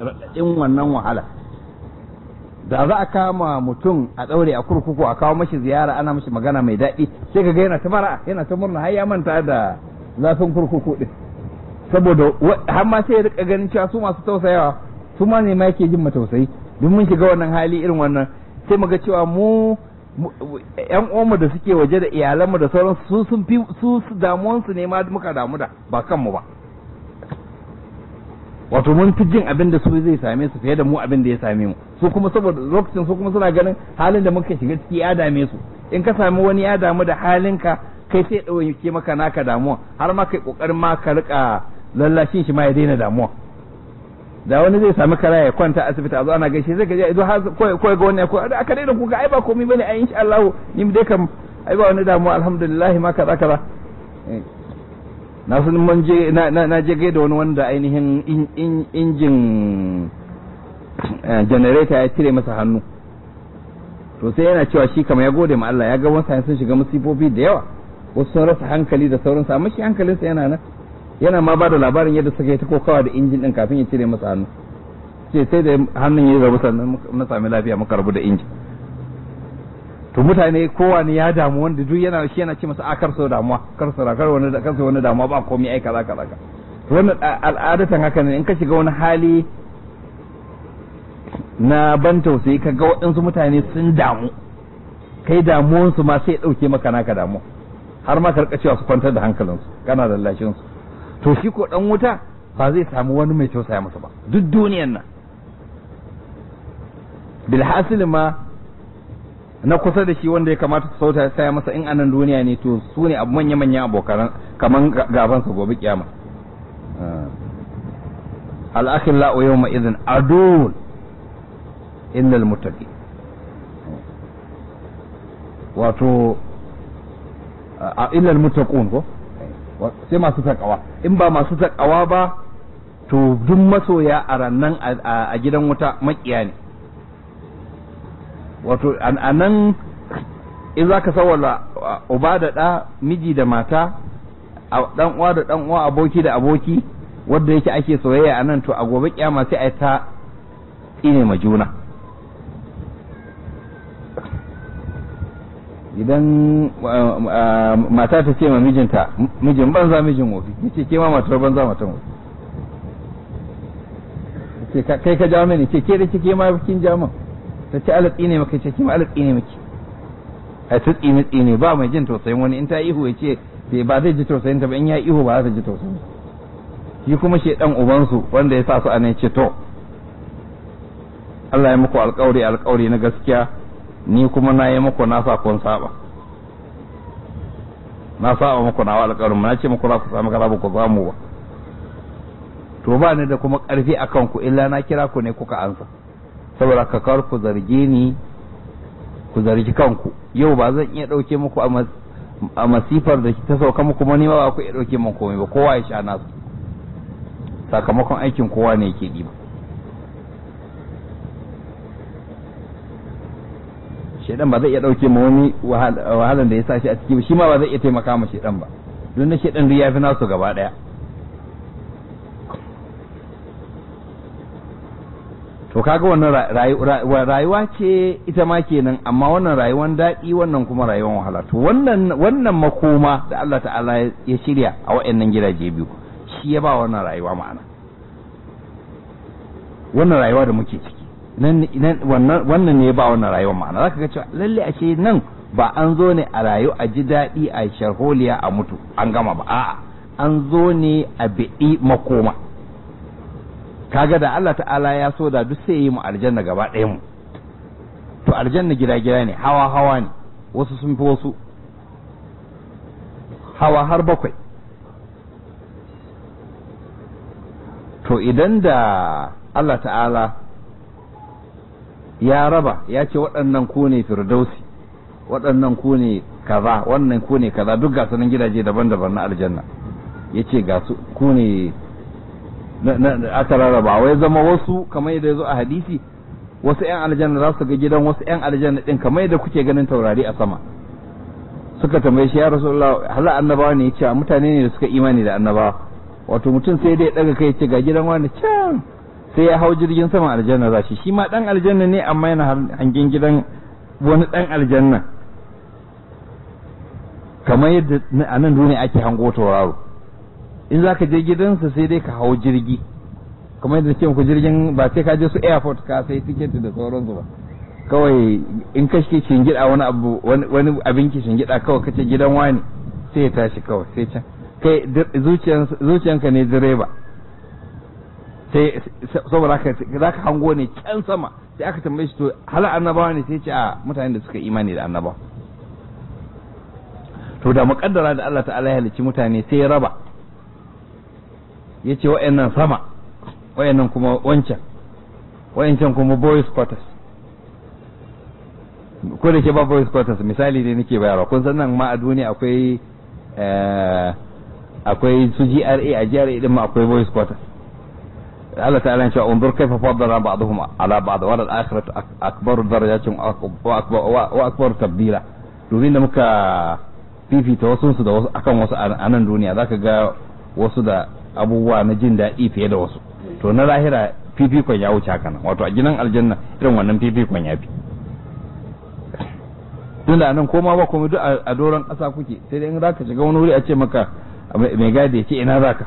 raɗaɗin wannan wahala da za a kama mutum a ɗaure a kurkuku a kawo mashi ziyara ana mashi magana mai daɗi sai ka ga yana ta mara yana ta murna har ya manta da zafin kurkuku ɗin saboda har ma sai ya rika ganin cewa su masu tausayawa su ma ne ma yake jin matausayi duk mun shiga wannan hali irin wannan sai mu ga cewa mu yan uwanmu da suke waje da iyalanmu da sauransu su sun fi su damuwansu ne ma muka damu da ba kanmu ba wato mun fi jin abin da su zai same su fiye da mu abin da ya same mu su kuma saboda lokacin su kuma suna ganin halin da muka shiga ciki ya dame su in ka sami wani ya damu da halinka kai sai ɗauke maka naka damuwa har ma kai ƙoƙarin ma ka riƙa lallashin shi ma ya daina damuwa da wani zai sami kara ya kwanta asibiti a zo ana gaishe zai gaji idan har ko ga wani ko aka daina kuka ai ba komai bane ai insha Allah ni dai kam ai ba wani damuwa alhamdulillah ma kaza kaza eh. na sun mun je na je gaida wani wanda ainihin injin eh, generator ya cire masa hannu to sai yana cewa shi kama ya gode ma Allah ya ga wasa sun shiga musibobi da yawa wasu sun rasa hankali da sauransu amma shi hankalinsa yana nan yana ma ba da labarin yadda suka yi ta kokawa da injin din kafin ya cire masa hannu sai sai da hannun ya rabu sannan na sami lafiya muka rabu da injin to mutane kowa ya damu wanda duk yana shi yana ce masa a ah, kar damuwa kar da kar wani kar wani damuwa ba komai ai kaza kaza to wannan al'adatan haka ne in ka shiga wani hali na ban tausayi ka ga waɗansu mutane sun damu kai damuwansu ma sai dauke ɗauke maka naka damu har ma karka cewa su kwantar da hankalinsu kana da su to shi ko dan wuta ba zai samu wani mai tausaya masa ba duk duniyan nan bilhasil ma na kusa da shi wanda ya kamata su sauta saya masa in anan duniya ne to su ne abu manya manya abokan kaman gaban sa gobe kiyama ah. al akhir la yawma idhin adul illa al muttaqi wato ah, illa al muttaqun ko sai masu takawa in ba masu takawa ba to duk masoya a rannan a gidan wuta makiya ne wato a nan in za ka sawala uh, uba da ɗa miji da mata ɗan uwa da ɗan uwa aboki da aboki wadda yake ake soyayya a nan to a gobe kyama sai a ta tsine ma juna idan uh, uh, mata ta ce ma mijinta mijin banza mijin wofi yace ke ma matar banza matar wofi kai ka jawo mini ce ke da kike ma kin jama'a. ta ce ala tsine maka ce kima ala tsine maki a ta tsine tsine ba mai jin tausayin wani in ta ihu ya ce ba zai ji tausayin ta ba in ya ihu ba za ta ji tausayin shi kuma shi dan ubansu wanda ya sa su ana ce to Allah ya muku alƙawari alƙawari na gaskiya ni kuma na yi muku na sa kun saba na saba muku na alƙawarin na ce muku za ku samu kaza ku samu ba to ba ni da kuma karfi akan ku illa na kira ku ne kuka ansa saboda ka kar ku zarge ni ku zargi kanku yau ba zan iya ɗauke muku a masifar da ta sauka muku ma ba ku iya ɗauke min komai ba kowa ya sha nasu sakamakon aikin kowa ne yake ɗiba shaidan ba zai iya ɗauke ma wani wahalan da ya sa shi a ciki ba shi ma ba zai iya taimaka ma shaidan ba don na shaidan duk ya fi nasu gaba ɗaya to kaga wannan rayuwa ce ita ma kenan amma wannan rayuwan daɗi wannan kuma rayuwan wahala to wannan wannan makoma da Allah ta'ala ya shirya a waɗannan gidaje biyu shi ya ba wannan rayuwa ma'ana wannan rayuwa da muke ciki wannan ne ya ba wannan rayuwa ma'ana zaka ga cewa lalle ashe nan ba an zo ne a rayu a ji daɗi a sharholiya a mutu an gama ba a'a an zo ne a biɗi makoma kaga da Allah ta'ala ya so da duk sai yi mu aljanna gaba ɗaya mu to aljanna gida gida ne hawa hawa ne wasu sun fi wasu hawa har bakwai to idan da Allah ta'ala ya raba ya ce waɗannan ku ne firdausi waɗannan ku ne kaza wannan ku ne kaza duk ga sunan gidaje daban-daban na aljanna ya ce ga su ku ne aka rarraba wai zama wasu kamar yadda zo a hadisi wasu 'yan aljanna za su ga gidan wasu 'yan aljanna ɗin kamar yadda kuke ganin taurari a sama suka tambaye shi ya rasulullah hala annabawa ne yace mutane ne da suka imani da annabawa wato mutum sai dai daga kai ce ga gidan wani can sai ya hau jirgin sama aljanna za shi shi ma dan aljanna ne amma yana hangen gidan wani ɗan aljanna kamar yadda a nan duniya ake hango tauraro in za ka je gidansa sai dai ka hau jirgi kamar yadda ke muku jirgin ba sai ka je su airport ka sai tiketi da sauransu ba kawai in ka shi shingida wani abu wani abin ki shingida kawai kace gidan wani sai ya tashi kawai sai can kai zuciyanka ne direba sai saboda haka za ka hango ne can sama sai aka tambaye shi to hala annabawa ne sai ce a mutanen da suka imani da annabawa to da muƙaddara da Allah ta'ala ya halicci mutane sai ya raba ya ce wa'annan sama wa'annan kuma wancan wa'ancan kuma boys quarters ko da ke ba boys quarters misali ne nake bayarwa kun san nan ma a duniya akwai eh, akwai su GRA a GRA din ma akwai boys quarters Allah ta'ala cewa unzur kaifa faddala ba'dhum ala ba'd wa al-akhiratu akbaru darajatin wa akbaru tabdila domin da muka fifita wasu su da wasu akan wasu a nan duniya zaka ga wasu da abubuwa na jin daɗi fiye da wasu to na lahira fifikon ya wuce haka nan wato a gidan aljanna irin wannan fifikon ya fi tunda nan koma ba komai duk a doron ƙasa kuke sai dai in ka shiga wani wuri a ce maka mai gadi ya ce ina ka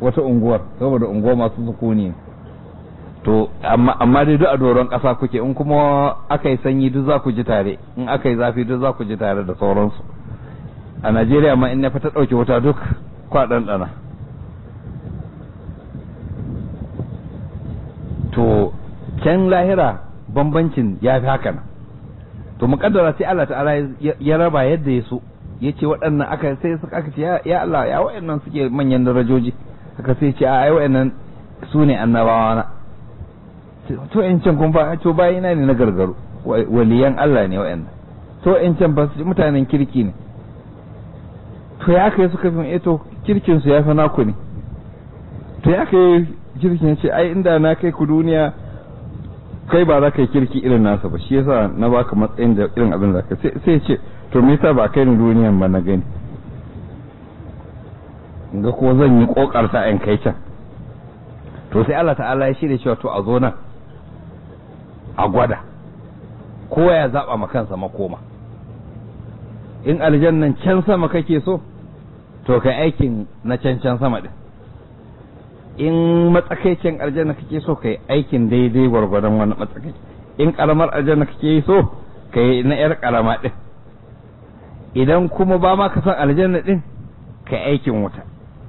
wata unguwar saboda unguwa masu sukuni to amma dai duk a doron ƙasa kuke in kuma aka yi sanyi duk za ku ji tare in aka yi zafi duk za ku ji tare da sauransu a najeriya ma in na fata ɗauke wuta duk kwa ɗanɗana to can lahira bambancin ya fi haka nan to muƙaddara sai Allah ta'ala ya raba yadda ya so ya ce waɗannan aka sai suka aka ce ya Allah ya waɗannan suke manyan darajoji aka sai ce ai waɗannan su ne annabawa na to in can kun fa to bayi na ne na gargaro waliyan Allah ne waɗannan to in can ba mutanen kirki ne to ya kai suka fi eh to kirkin su ya fi naku ne to ya kai kirki ya ce ai inda na kai ku duniya kai ba za ka yi kirki irin nasa ba shi yasa na baka matsayin da irin abin za ka sai ya ce to me yasa ba kai ni duniyan ba na gani ga ko zan yi kokarta in kai can to sai Allah ta'ala ya shirya cewa to a zo nan a gwada ko ya zaba ma kansa makoma in aljannan can sama kake so to kai aikin na can can sama din in matsakaicin aljanna kake so kai aikin daidai gwargwadon wani matsakaici in karamar aljanna kake so kai na yar karama din idan kuma ba ma ka san aljanna din kai aikin wuta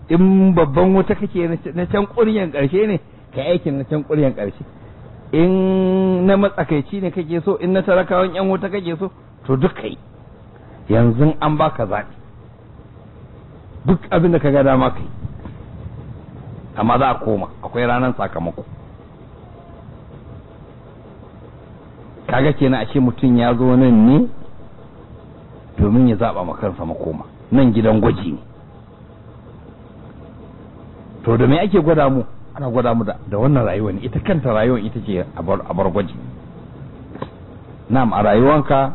in babban wuta kake na can ƙuryan ƙarshe ne kai aikin na can ƙuryan ƙarshe in na matsakaici ne kake so in na tarakawan yan wuta kake so to duk kai yanzu an baka zaɓi duk abin da ka ga dama kai amma za a koma akwai ranar sakamako kaga kenan ashe mutum ya zo nan ne domin ya zaɓa ma makoma nan gidan gwaji ne to da me ake gwada mu ana gwada mu da wannan rayuwa ne ita kanta rayuwar ita ce a bar gwaji na'am a rayuwanka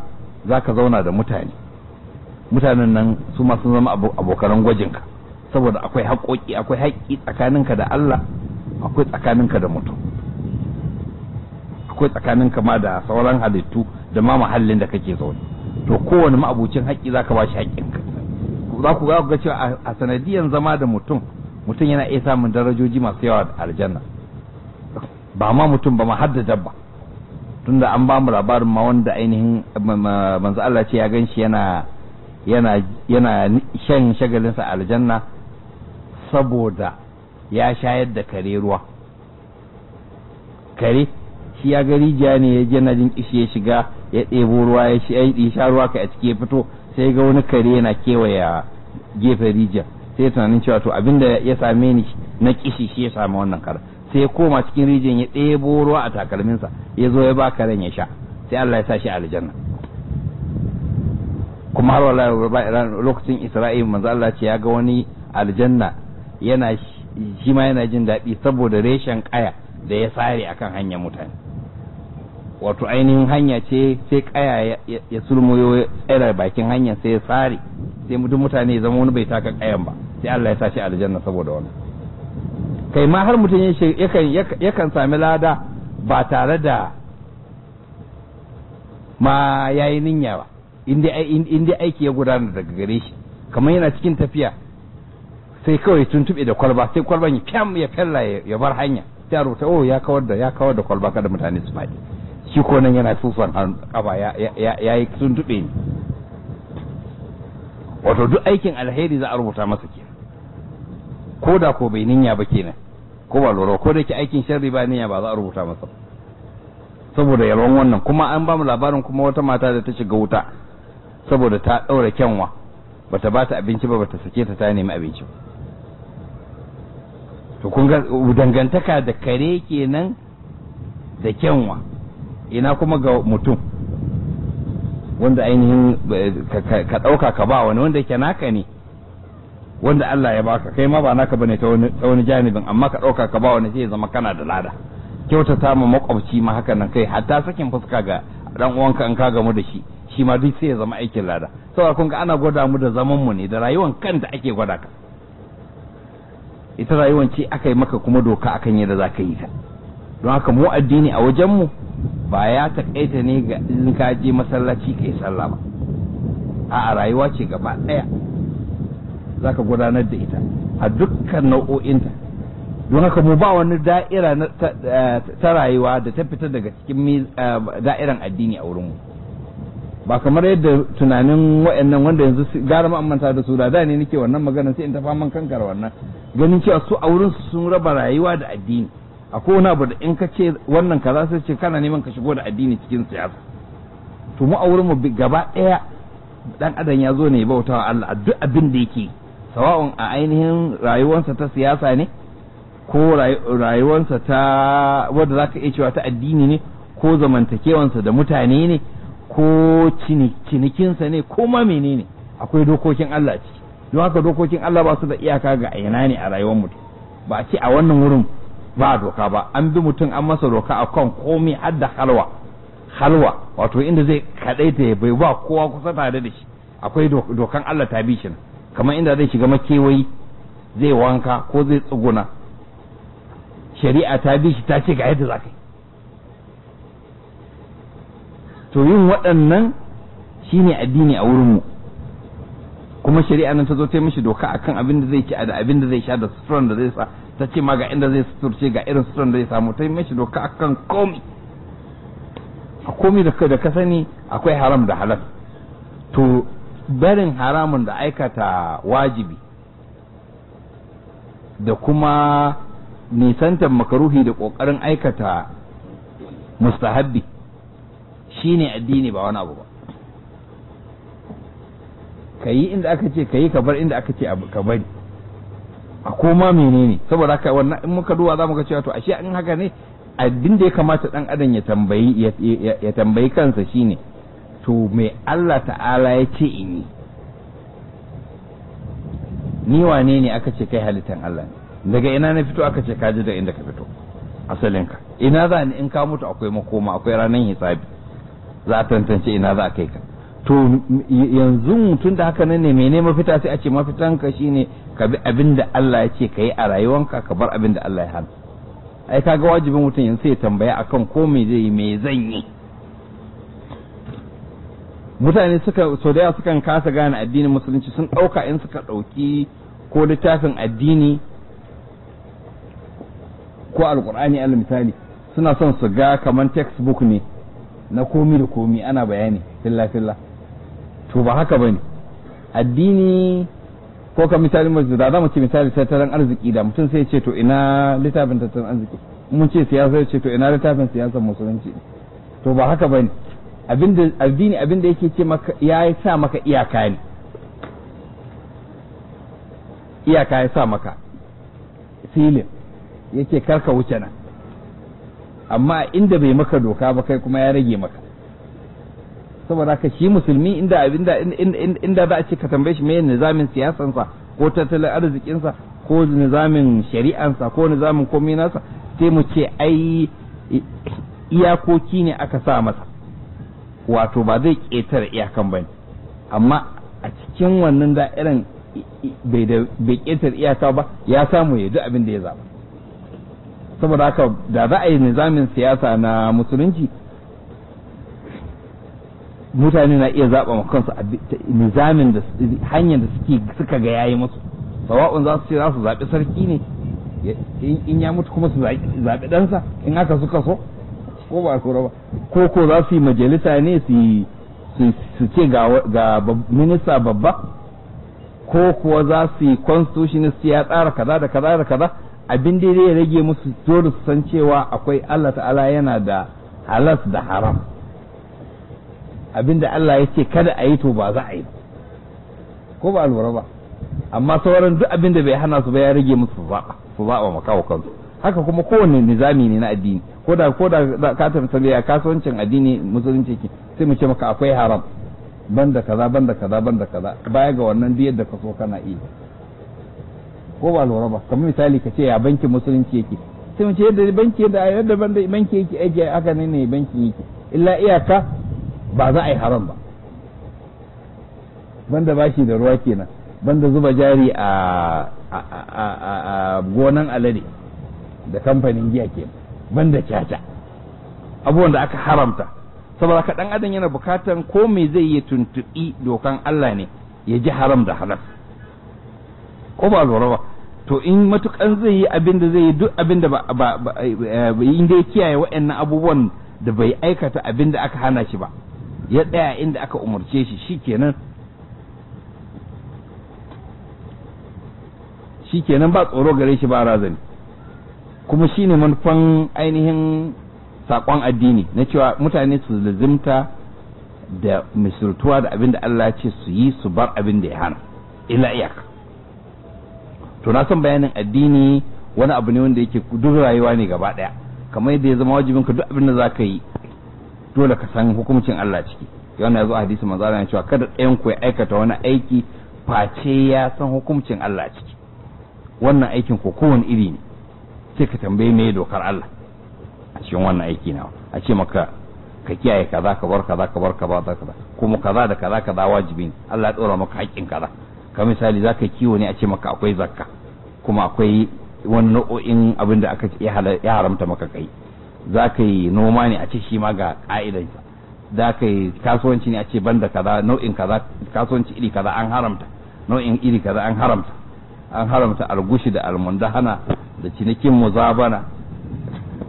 za ka zauna da mutane mutanen nan su ma sun zama abokanan gwajinka saboda akwai haƙoƙi akwai haƙƙi tsakaninka da Allah akwai tsakaninka da mutum akwai tsakaninka ma da sauran halittu da ma muhallin da kake zaune to kowane ma'abucin haƙƙi zaka ba shi haƙƙinka za ku ga cewa a sanadiyan zama da mutum mutum yana iya samun darajoji masu yawa da aljanna ba ma mutum ba ma har da dabba tunda an ba mu labarin ma wanda ainihin manzo Allah ce ya ganshi yana yana yana shan shagalinsa aljanna saboda ya shayar da kare ruwa kare shi ya ga rijiya ne ya je jin kishi ya shiga ya ɗebo ruwa ya sha ruwa kai a ciki ya fito sai ga wani kare yana kewaya gefen rijiya sai tunanin cewa to abin da ya same ni na kishi shi ya sami wannan kare sai ya koma cikin rijiyar ya ɗebo ruwa a takalminsa ya zo ya ba karen ya sha sai Allah ya sa shi aljanna kuma har wallahi lokacin Isra'il manzo Allah ce ya ga wani aljanna yana shi ma yana jin daɗi saboda reshen ƙaya da ya sare akan hanyar mutane wato ainihin hanya ce sai ƙaya ya sulmuyo tsere bakin hanya sai ya sare sai mutum mutane ya zama wani bai taka ƙayan ba sai Allah ya tashi aljanna saboda wani kai ma har mutum yakan sami lada ba tare da ma yayi ninya ba inda aiki ya gudana daga gare shi kamar yana cikin tafiya sai kawai tuntube da kwalba sai kwalban ya fiyam ya fella ya bar hanya sai rubuta oh ya kawar da ya kawar da kwalba kada mutane su faɗi shi ko nan yana tufan kaba ya yi tuntube ne wato duk aikin alheri za a rubuta masa ke ko da ko bai ninya ba kenan ko ba lura ko da ke aikin sharri ba ninya ba za a rubuta masa saboda yalwan wannan kuma an ba mu labarin kuma wata mata da ta shiga wuta saboda ta ɗaura kyanwa bata ba ta abinci ba bata sake ta ta nemi abinci ba to kun ga dangantaka da kare kenan da kyanwa ina kuma ga mutum wanda ainihin eh, ka ɗauka ka ba wani wanda ke naka ne wanda Allah ya baka kai ma ba naka bane ta wani janibin amma ka ɗauka ka ba wani sai ya zama kana da lada Kyauta ta ma makwabci ma haka nan kai hatta sakin fuska ga dan uwanka in ka gamu da shi shi ma duk sai ya zama aikin lada saboda kun ga ana gwada mu da zaman mu ne da rayuwar da ake gwada ka ita rayuwar ce aka yi maka kuma doka akan yadda za ka yi ta don haka mu addini a wajenmu ba ya takaita ne ga in ka je masallaci ka yi sallah ba a rayuwa ce gaba ɗaya za ka gudanar da ita a dukkan nau'o'inta don haka mu ba wani da'ira ta rayuwa da ta fita daga cikin eh, da'iran addini a wurin mu. ba kamar yadda tunanin wa'annan wanda yanzu gara ma'amanta da su da ne nake wannan magana sai in ta faman kankar wannan ganin cewa su a wurin sun raba rayuwa da addini akwai wani abu da in ka ce wannan kaza sai ce kana neman ka shigo da addini cikin siyasa to mu a wurin mu gaba ɗaya dan adam ya zo ne ya bautawa Allah a duk abin da yake sawa'un a ainihin rayuwarsa ta siyasa ne ko rayuwarsa ta wanda zaka iya cewa ta addini ne ko zamantakewansa da mutane ne ko cinikinsa ne ko ma menene akwai dokokin Allah ciki don haka dokokin Allah ba su da iyaka ga ina ne a rayuwar mutum ba a ce a wannan wurin ba doka ba an bi mutum an masa doka a kan komai har da halwa halwa wato inda zai ta ya bai ba kowa kusa tare da shi akwai dokan Allah ta bi kamar inda zai shiga makewayi zai wanka ko zai tsuguna shari'a ta bi ta ce ga yadda za ka to yin waɗannan shine addini a wurinmu mu kuma shari'a nan ta zo ta mishi doka akan abin da zai ci da abin da zai sha da suturan da zai sa ta ce ma ga inda zai suturce ga irin suturan da zai samu ta mishi doka akan komi a komi da ka sani akwai haram da halal to barin haramun da aikata wajibi da kuma nisantar makaruhi da ƙoƙarin aikata mustahabbi shine addini ba wani abu ba ka yi inda aka ce ka yi ka bar inda aka ce ka bari a koma menene saboda haka wannan in muka duba za mu ga cewa to ashe in haka ne abin da ya kamata dan adam ya tambayi ya tambayi kansa shine to me Allah ta'ala ya ce in yi ni wane ne aka ce kai halittan Allah ne daga ina na fito aka ce ka ji da inda ka fito asalin ina za ni in ka mutu akwai makoma akwai ranar hisabi za a tantance ina za a kai ka to yanzu mutum da haka nan ne mene mafita sai a ce ka mafitanka ne ka bi abin da Allah ya ce ka yi a rayuwanka ka bar abin da Allah ya hana ai kaga wajibin mutum yanzu sai ya tambaya akan ko me zai yi me zan yi mutane suka so da yawa sukan kasa gane addinin musulunci sun ɗauka in suka ɗauki ko littafin addini ko alkur'ani al misali suna son su ga kamar textbook ne na komi da komi ana bayani filla filla to ba haka bane addini ko ka misali mai da za mu ce misali tattalin arziki da mutum sai ce to ina littafin tattalin arziki mun ce siyasa ce to ina littafin siyasar musulunci to ba haka bane addini abinda yake ce maka ya sa maka iyaka ne iyaka ya sa maka filin yake karka wuce nan amma inda bai maka doka ba kai kuma ya rage maka saboda ka shi musulmi inda abinda inda za a ce ka tambaye shi me nizamin siyasansa ko tattalin arzikinsa ko nizamin shari'ansa ko nizamin komai nasa sai mu ce ai iyakoki ne aka sa masa wato ba zai ƙetare iyakan ba amma a cikin wannan da'irin bai ƙetare iyaka ba ya samu ya duk abin da ya zaba saboda haka da za a yi nizamin siyasa na musulunci mutane na iya zaɓa kansu nizamin da hanyar da suke suka ga yayi musu sawa'un za su ce za su zaɓi sarki ne in ya mutu kuma su zaɓi ɗansa in haka suka so ko ba su ba ko ko za su yi majalisa ne su ce ga minista babba ko kuwa za su yi constitutionist ya tsara kaza da kaza da kaza abin da ya rage musu dole su san cewa akwai Allah ta'ala yana da halas da haram abinda Allah ya ce kada a yi to ba za a yi ko ba lura ba amma sauran duk abinda bai hana su ba ya rage musu su zaɓa makawa kansu haka kuma kowane nizami ne na addini ko da ko da ka tambaye ya kasuwancin addini musulunci ke sai mu ce maka akwai haram banda kaza banda kaza banda kaza baya ga wannan duk yadda ka so kana iya ko ba lura ba kamar misali ka ce ya bankin musulunci yake sai mu ce yadda banki yadda yadda banki yake aiki haka ne ne bankin yake illa iyaka ba za a yi haram ba banda bashi da ruwa kenan banda zuba jari a gonan alade da kamfanin giya kenan banda caca abubuwan da aka haramta saboda ka dan adam yana bukatan ko me zai yi tuntubi dokan Allah ne ya ji haram da halal ko ba lura ba to in matukan zai yi abin da zai yi duk abin da eh, ba in dai kiyaye waɗannan abubuwan da bai aikata abin da aka hana shi ba ya tsaya inda aka umarce shi shi kenan ba tsoro gare shi ba razani kuma shi ne manufan ainihin saƙon addini na cewa mutane su lazimta da misurtuwa da abin da Allah ce su yi su bar abin da ya hana ila iyaka to na san bayanin addini wani abu ne wanda yake duk rayuwa ne gaba daya kamar yadda ya zama wajibin ka duk abin da za ka yi dole ka san hukuncin Allah ciki wannan yazo hadisi manzo Allah cewa kada ɗayan ku ya aikata wani aiki face ya san hukuncin Allah ciki wannan aikin ko kowane iri ne sai ka tambaye me dokar Allah a cikin wannan aiki na a ce maka ka kiyaye kaza ka bar kaza ka bar kaza kaza kuma kaza da kaza kaza wajibi ne Allah ya tsora maka haƙƙin kaza ka misali za ka kiwo ne a ce maka akwai zakka kuma akwai wani nau'o'in abin da aka ya haramta maka kai za ka yi noma ne a ce shi ma ga ka'idansa za ka yi kasuwanci ne a ce banda kaza nau'in kaza kasuwanci iri kaza an haramta nau'in iri kaza an haramta an haramta algushi da almundahana da cinikin muzabana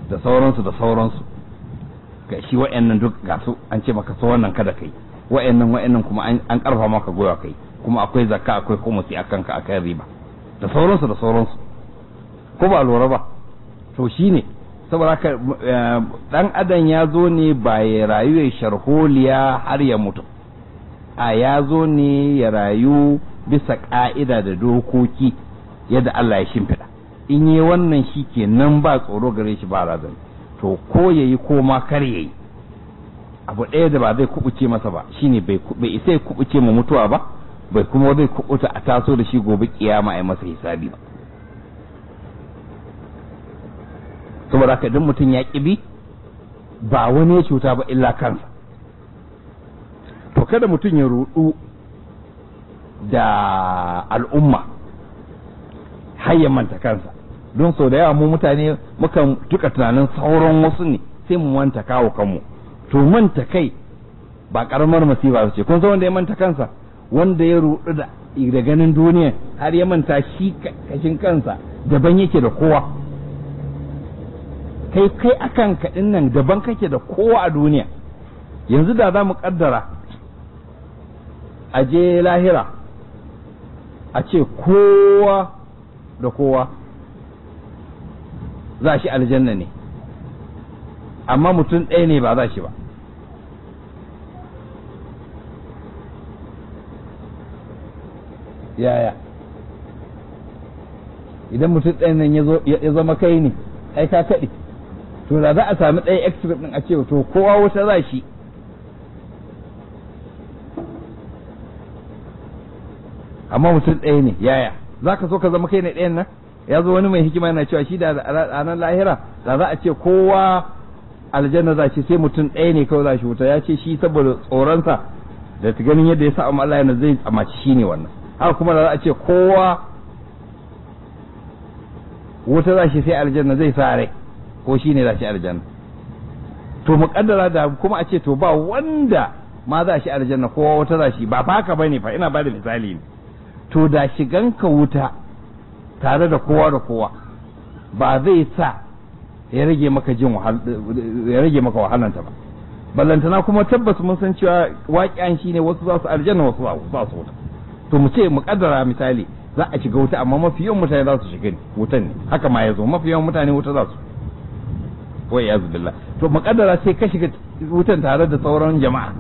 da sauransu da sauransu ga shi wa'annan duk ga su an ce maka so wannan kada kai wa'annan wa'annan kuma an karfa maka goya kai kuma akwai zakka akwai kumusi akan ka akan riba da sauransu da sauransu ko ba lura ba to shine saboda haka eh, dan adam ya zo ne ba ya rayu ya sharholiya har ya mutu a ya zo ne ya rayu bisa ka'ida da dokoki yadda Allah ya shimfiɗa in yi wannan shi ke nan ba tsoro gare shi ba razan to ko ya yi ko ma kar ya yi abu ɗaya da ba zai kubuce masa ba shine bai isa ya kubuce ma mutuwa ba bai kuma zai kubuta a taso da shi gobe kiyama a yi masa hisabi ba saboda haka idan mutum ya ƙibi ba wani ya cuta ba illa kansa to kada mutum ya ruɗu da al'umma har ya manta kansa don sau da yawa mu mutane mukan duka tunanin sauran wasu ne sai mu manta kawo kanmu to manta kai ba karamar masifa ce kun san wanda ya manta kansa wanda ya ruɗu da ganin duniya har ya manta shi kashin kansa daban yake da kowa kai kai akan kaɗin nan daban kake da kowa a duniya yanzu da za mu kaddara a je lahira a ce kowa da kowa za shi aljanna ne amma mutum ɗaya ne ba za shi ba yaya idan mutum ɗaya nan ya zama kai ne ai ka kaɗi to da za a sami ɗaya extreme ɗin a ce to kowa wuta za shi amma mutum ɗaya ne yaya za ka so ka zama kai ne ɗayan nan ya zo wani mai hikima yana cewa shi da ranar lahira da za a ce kowa aljanna za shi sai mutum ɗaya ne kawai za shi wuta ya ce shi saboda tsoronsa da ta ganin yadda ya sa amma Allah yana zai tsamaci shi ne wannan haka kuma da za a ce kowa wuta za shi sai aljanna zai sa rai ko shine za shi aljanna to mu kaddara da kuma a ce to ba wanda ma za shi aljanna ko wata za shi ba haka bane fa ina bada misali ne to da shiganka wuta tare da kowa da kowa ba zai sa ya rage maka jin ya rage maka wahalanta ba ballantana kuma tabbas mun san cewa waƙiyan shine wasu za su aljanna wasu za su wuta to mu ce mu kaddara misali za a shiga wuta amma mafi yawan mutane za su shiga wutan ne haka ma ya zo mafi yawan mutane wuta za su ko ya billah to makaddara sai ka shiga wutan tare da sauran jama'a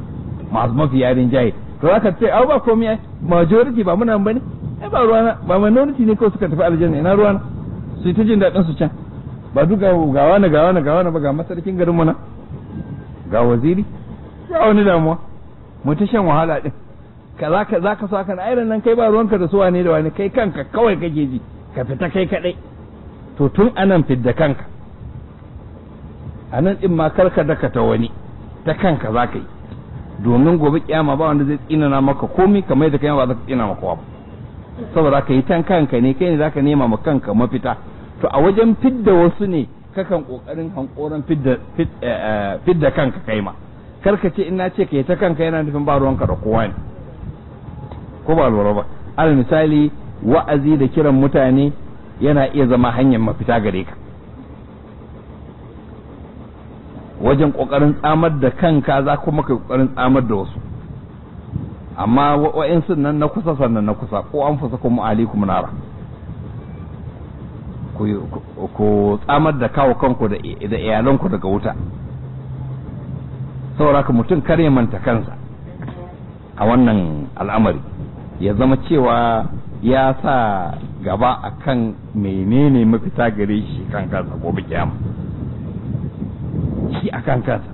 masu mafi yarin jahi to zaka ce au ba komai majority ba muna bane ai ba ruwana ba minority ne ko suka tafi aljanna ina ruwana su ta jin dadin su can ba duka ga wani ga wani ga wani ba ga masarkin garin mu na ga waziri ya wani damuwa mu ta shan wahala din Ka zaka ka saka na irin nan kai ba ruwanka da su wane da wani kai kanka kawai kake ji ka fita kai kadai to tun anan fidda kanka a nan ɗin ma karka dakata wani ta kanka za ka yi domin gobe kiyama ba wanda zai tsinana maka komi kamar da kai ba za ka tsina maka ba saboda ka yi tan kanka ne kai ne za ka nema ma kanka mafita to a wajen fidda wasu ne kakan kokarin hankoran fidda eh, eh, fidda kanka kai ma karka ce in na ce ka ta kanka yana nufin ba ruwanka da kowa ne ko ba lura ba al misali wa'azi da kiran mutane yana iya zama hanyar mafita gare ka wajen ƙoƙarin tsamar da kanka za kuma kai ƙoƙarin tsamar da wasu amma sun nan na kusa sannan na kusa ko an fusa kuma alikum nara ku tsamar da kawo kanku da iyalanku daga wuta Saura ka mutum kare manta kansa a wannan al'amari ya zama cewa ya sa gaba akan menene mafita gare shi kan kansa gobe kyamu aiki a kan kansa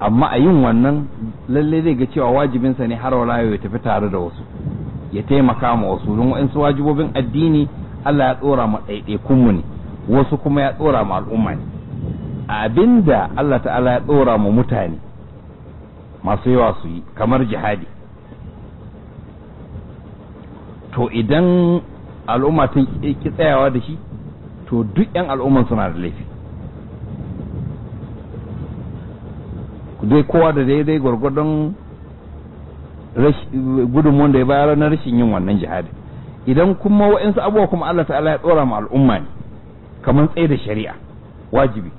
amma a yin wannan lalle zai ga cewa wajibinsa ne har wala ya tafi tare da wasu ya taimaka ma wasu don wa'insu wajibobin addini Allah ya tsora ma ɗaiɗaikunmu ne wasu kuma ya tsora ma al'umma ne abinda Allah ta'ala ya tsora ma mutane masu yawa su yi kamar jihadi to idan al'umma ta ki tsayawa da shi to duk 'yan al'umman suna da laifi dai kowa da daidai gwargwadon gudunmuwan da ya bayar na rashin yin wannan jihadi idan kuma wa'insu abubuwa kuma Allah ta'ala ya tsora ma al'umma ne kamar tsaye da shari'a wajibi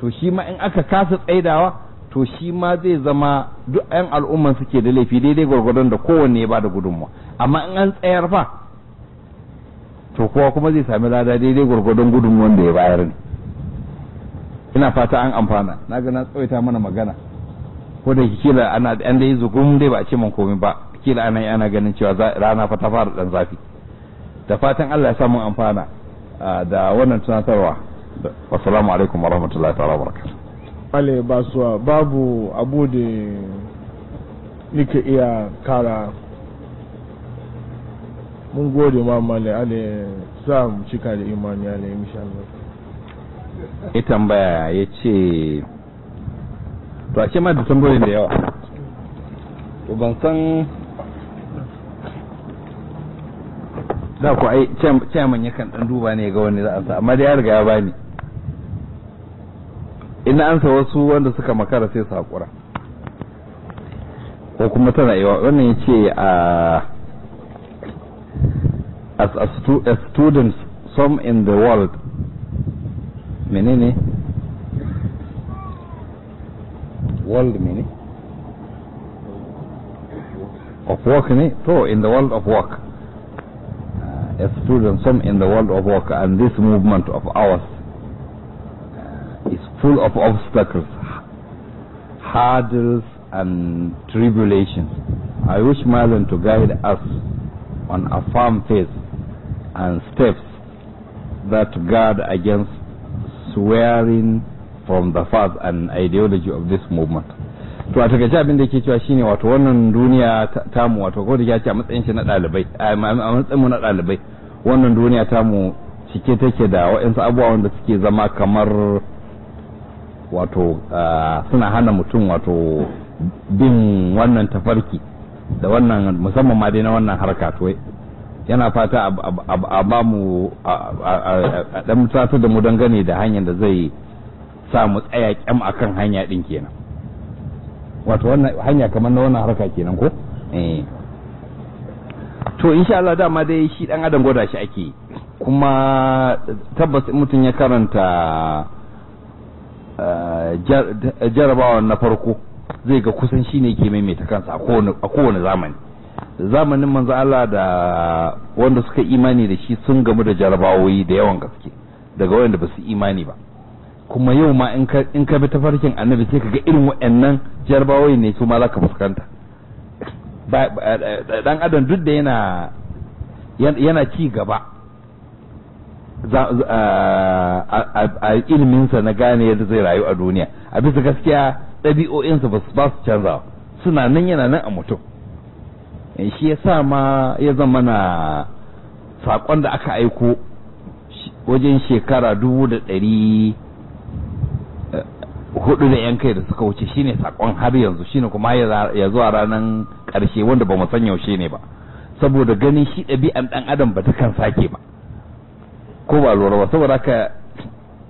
to shi ma in aka kasa tsaidawa to shi ma zai zama duk 'yan al'umman suke da laifi daidai gwargwadon da kowanne ya bada gudunmuwa amma in an tsayar fa to kowa kuma zai sami lada daidai gwargwadon gudunmuwan da ya bayar ne ina fata an amfana na ga na tsawaita mana magana ko da kila ana an dai zugum dai ba a ce man komai ba kila ana yi ana ganin cewa rana fa ta fara dan zafi da fatan Allah ya sa samu amfana da wannan tunatarwa assalamu alaikum wa rahmatullahi ta'ala wa ba basuwa babu abu da nika iya kara mun gode ma male ale sa mu cika da imani ale insha Allah ya tambaya ya ce to a ce ma da tambayoyin da yawa to ban san da ku ai chairman yakan dan duba ne ga wani za a sa amma dai ya riga ya bani ina ansa wasu wanda suka makara sai su hakura ko kuma tana yawa wannan yace a as a, student some in the world menene world mene of work ne in the world of work uh, as students some in the world of work and this movement of ours uh, is full of obstacles hurdles and tribulations I wish Marlon to guide us on a firm faith and steps that guard against swearing from the faith and ideology of this movement to a takaice abin da yake cewa shine wato wannan duniya ta mu wato ko da yake a matsayin shi na dalibai a matsayin mu na dalibai wannan duniya ta mu cike take da waɗansu abubuwa wanda suke zama kamar wato suna hana mutum wato bin wannan tafarki da wannan musamman ma dai na wannan harka to yana fata a ba mu a dan sato da mu dangane da hanyar da zai sa mu tsaya kyam akan hanya din kenan wato wannan hanya kamar na wannan harka kenan ko eh to insha Allah dama dai shi dan adam gwada shi ake kuma tabbas mutum ya karanta eh, jarabawa na farko zai ga kusan shine ke maimaita kansa a kowane zamani zamanin manzo Allah da wanda suka imani da shi sun gamu da jarabawoyi da yawan gaske daga wanda ba su imani ba kuma yau ma in ka bi tafarkin annabi sai ka ga irin waɗannan jarabawoyi ne su ma za ka fuskanta dan adam duk da yana yana ci gaba a ilminsa na gane yadda zai rayu a duniya a bisa gaskiya ɗabi'o'insa ba su canza suna nan yana nan a mutum Eh, shi ya sa ma ya zama na sakon da aka aiko wajen shekara dubu da ɗari eh, hudu da yan kai da suka wuce shine saƙon har yanzu shine kuma ya zuwa ranar ƙarshe wanda ba mu san yaushe ne ba saboda ganin shi ɗabi'an ɗan adam ba ta kan sake ba ko ba lura ba saboda haka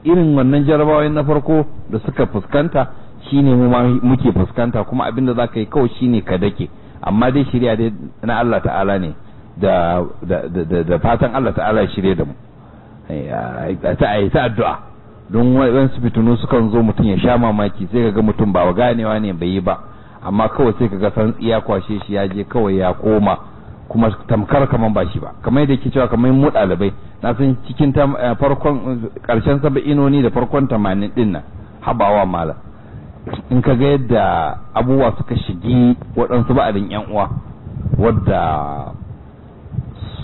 irin wannan jarabawai na farko da suka fuskanta shine mu muke fuskanta kuma abinda za ka yi kawai shine ka dake amma dai shirya dai na Allah ta'ala ne da fatan Allah ta'ala ya shirya da mu ta yi ta addu'a don fitunu su sukan zo mutum ya sha mamaki sai ga mutum ba ganewa ne bai yi ba amma kawai sai ka ga santsi ya kwashe shi ya je kawai ya koma kuma tamkar kaman ba shi ba kamar yadda ke cewa kamar mu ɗalibai na san cikin farkon ƙarshen saba'inoni da farkon tamanin ɗin habawa malam in ka ga yadda abubuwa suka shigi waɗansu ba yan uwa wadda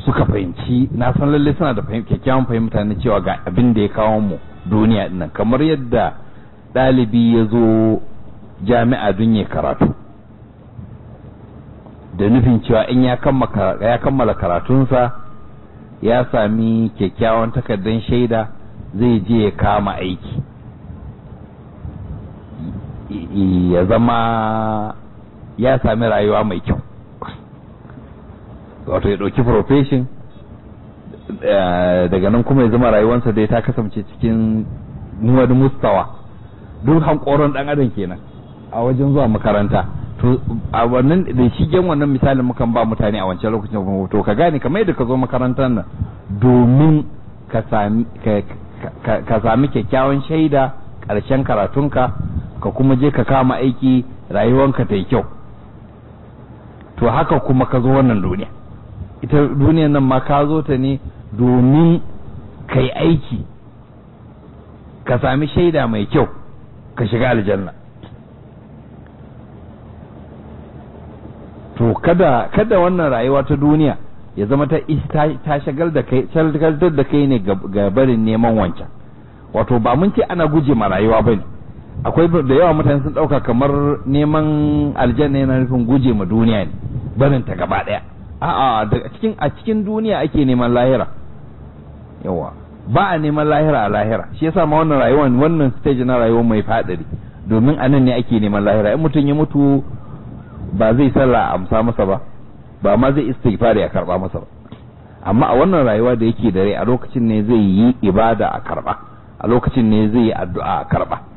suka fahimci na san lalle suna da kyakkyawan fahimta na cewa ga abin da ya kawo mu duniya dinnan kamar yadda ɗalibi ya zo jami'a don ya karatu da nufin cewa in ya kammala karatunsa ya sami kyakkyawan takardar shaida zai je ya kama aiki ya zama ya sami rayuwa mai kyau wato ya ɗauki profession eh, daga nan kuma ya zama rayuwarsa dai ta kasance cikin wani mustawa duk hankoron ɗan adam kenan a wajen zuwa makaranta to a wannan da shi gen wannan misalin mukan ba mutane a wancan lokacin to ka gane kamar da ka zo makarantar nan domin ka sami kyakkyawan shaida ƙarshen karatunka ka kuma je ka kama aiki rayuwanka ta yi kyau to haka kuma ka zo wannan duniya ita duniyan nan ma ka zo ta ne domin ka yi aiki ka sami shaida mai kyau ka shiga aljanna to kada kada wannan rayuwa ta duniya ya zama ta ta shagal da kai shagaltar da kai ne ga barin neman wancan wato ba mun ce ana guje ma rayuwa bane akwai da yawa mutane sun ɗauka kamar neman aljanna yana nufin guje ma duniya ne barin ta gaba ɗaya a'a daga cikin a cikin duniya ake neman lahira yawa ba a neman lahira a lahira shi yasa ma wannan rayuwar wannan stage na rayuwar mai faɗari domin a nan ne ake neman lahira in mutum ya mutu ba zai sallah a amsa masa ba ba ma zai istighfar a karba masa ba amma a wannan rayuwa da yake da rai a lokacin ne zai yi ibada a karba a lokacin ne zai yi addu'a a karba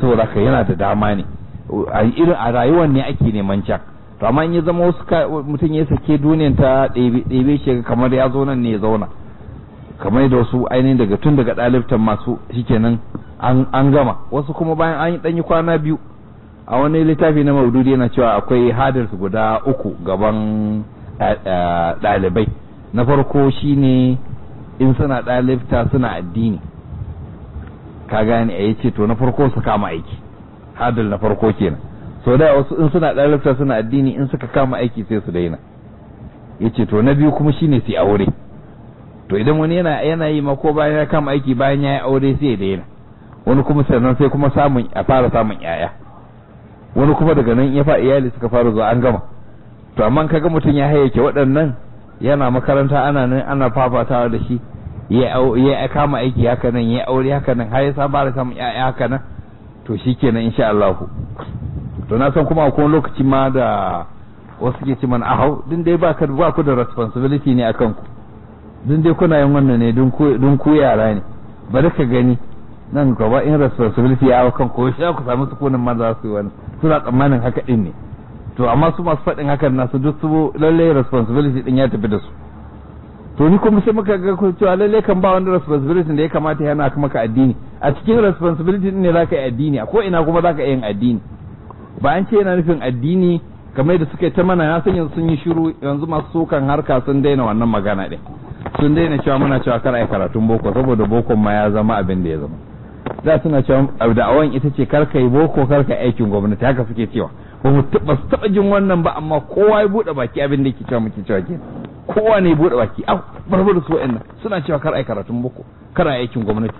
saboda ka yana da dama ne a irin a rayuwar ne ake neman can to amma in ya zama wasu mutum ya sake duniyar ta ɗebe shi kamar ya zo nan ne ya zauna kamar da wasu ainihin daga tun daga ɗalibtan masu shikenan an gama wasu kuma bayan an yi ɗanyi kwana biyu a wani littafi na maududi yana cewa akwai hadarsu guda uku gaban ɗalibai na farko shine in suna ɗalibta suna addini ka gane a yace to na farko su kama aiki hadal na farko kenan so da wasu in suna ɗalibta suna addini in suka kama aiki sai su daina yace to na biyu kuma shine su aure to idan wani yana yana yi ma ko bayan ya kama aiki bayan ya yi aure sai ya daina wani kuma sannan sai kuma samun a fara samun yaya wani kuma daga nan ya fa iyali suka fara zuwa an gama to amma kaga mutum ya hayyace waɗannan yana makaranta ana nan ana fafatawa da shi ya ya kama aiki haka nan ya aure haka nan har ya saba bara samun ƴaƴa haka nan to shikenan insha Allah to na san kuma akwai lokaci ma da wasu ke ci mana ahau din dai ba ba ku da responsibility ne akan ku din dai kuna yin wannan ne dun ku yara ne bari ka gani nan gaba in responsibility ya hau ku sai ku samu sukunin ma za su yi wani suna tsammanin haka din ne to amma su masu faɗin hakan nasu duk su lalle responsibility din ya tafi da su to ni kuma sai muka ga cewa lalle kan ba wani responsibility da ya kamata yana maka addini a cikin responsibility ne zaka yi addini a ko ina kuma zaka yin addini ba an ce yana nufin addini kamar da suka ta mana na san yanzu sun yi shiru yanzu masu sukan harka sun daina wannan magana din sun daina cewa muna cewa kar ai karatun boko saboda boko ma ya zama abin da ya zama da suna cewa da awon ita ce kar kai boko kar kai aikin gwamnati haka suke cewa ba mu taba taba jin wannan ba amma kowa ya bude baki abin da yake cewa muke cewa ke kowa ne bude baki a barbar su wa'annan suna cewa kar ai karatun boko kar ai aikin gwamnati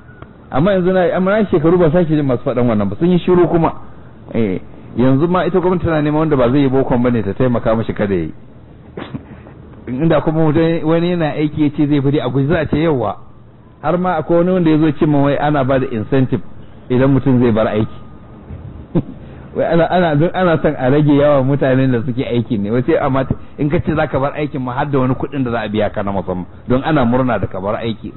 amma yanzu na amma shekaru ba sake jin masu faɗan wannan ba sun yi shiru kuma eh yanzu ma ita gwamnati tana neman wanda ba zai yi bokon bane ta taimaka mishi kada yayi inda kuma wani yana aiki yace zai fadi a guji za a ce yawa har ma akwai wani wanda ya zo cimma wai ana ba da incentive idan mutum zai bar aiki ana son a rage yawan mutanen da suke aikin ne wasu amma in ka ce zaka bar aikin ma har da wani kuɗin da za a biya ka na musamman don ana murna da ka bar aiki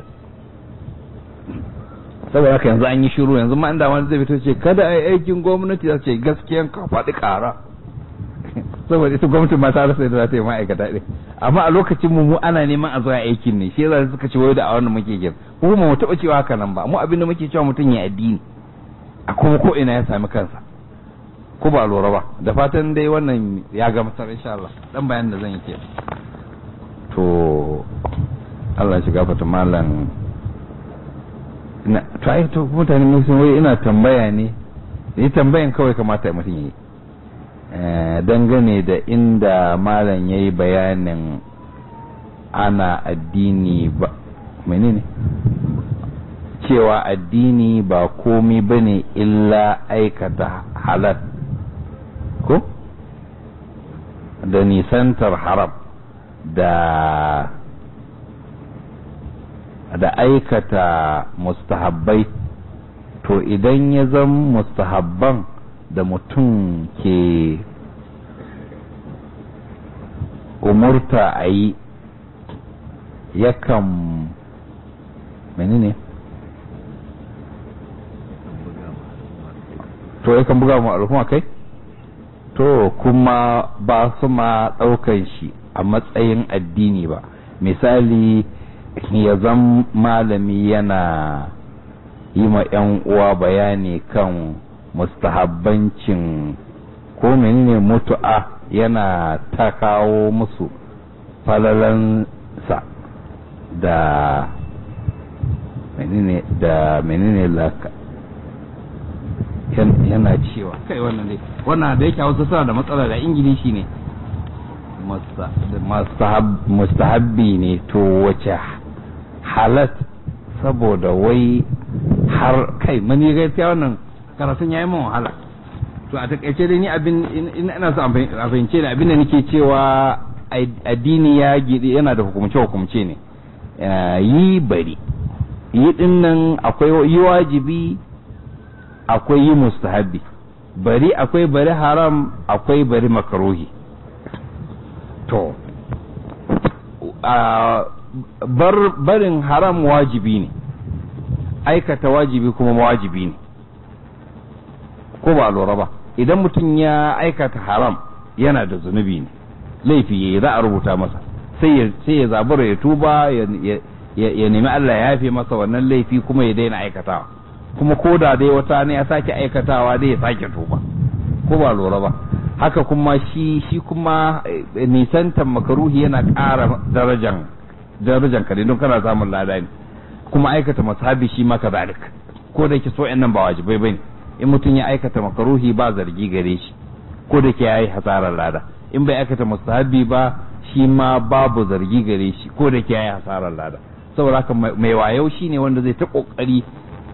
saboda haka yanzu an yi shiru yanzu ma inda wani zai fito ce kada yi aikin gwamnati za ce gaskiyan ka faɗi ƙara saboda ita gwamnati ma ta rasa yadda za ta yi ma'aikata ɗin amma a lokacin mu mu ana neman a zuwa aikin ne shi yasa suka ce wai da a wannan muke gina kuma mu taɓa cewa haka nan ba mu abin da muke cewa mutum ya addini a kuma ko ina ya sami kansa ko ba lura ba da fatan dai wannan ya ga masar insha Allah dan bayan da zan yi ke to Allah shi gafata malam ina to ai to mutane mun sun wai ina tambaya ne ni tambayan kawai kamata mutum yi eh, dangane da inda malam yayi bayanin ana addini ba menene cewa addini ba komi bane illa aikata halal ko da nisantar haram da da aikata mustahabbai to idan ya zan mustahabban da mutum ke umurta a yi yakan menene to yakan buga mu al'umma kai to kuma ba su ma ɗaukan shi a matsayin addini ba misali ya zan malami yana yi ma 'yan uwa bayani kan mustahabbancin ko ne mutu'a yana ta kawo musu falalansa da menene da menene laka yana cewa kai wannan dai wannan da yake wasu suna da matsala da ingilishi ne mustahabbi ne to wace halat saboda wai har kai mani gaskiya wannan karatun yayi min wahala to a takaice dai ni abin in ina so a fahimce da abin da nake cewa addini ya gidi yana da hukumce hukumce ne yi bari yi dinnan akwai yi wajibi akwai yi mustahabi bari akwai bari haram akwai bari makaruhi to barin haram wajibi ne aikata wajibi kuma wajibi ne ko ba lura ba idan mutum ya aikata haram yana da zunubi ne laifi ya yi za a rubuta masa sai ya zabura ya tuba ya nemi Allah ya yafe masa wannan laifi kuma ya daina aikatawa kuma ko da dai wata ne ya sake aikatawa dai ya sake tuba ko ba lura ba haka kuma shi shi kuma eh, nisantan makaruhi yana ƙara darajan darajan ka don kana samun lada ne kuma aikata masabi shi maka zalik ko da ke so nan ba wajibai bane in mutum ya aikata makaruhi ba zargi gare shi ko da ke yayi hasarar lada in bai aikata masabi ba shi ma babu zargi gare shi ko da ke yayi hasarar lada saboda haka mai wayo shine wanda zai ta kokari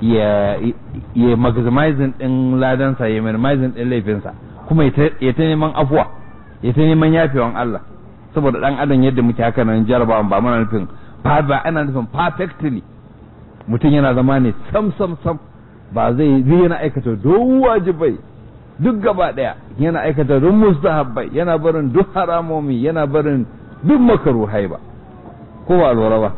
ya ya maximizing din ladansa ya minimizing din laifinsa kuma ya ta neman afuwa ya ta neman yafewan Allah saboda dan adam yadda muke haka nan jarba ba mana nufin ba ana nufin perfectly mutum yana zama ne sam sam sam ba zai zai yana aikata duk wajibai duk gaba daya yana aikata duk mustahabbai yana barin duk haramomi yana barin duk makaruhai ba ko ba lura ba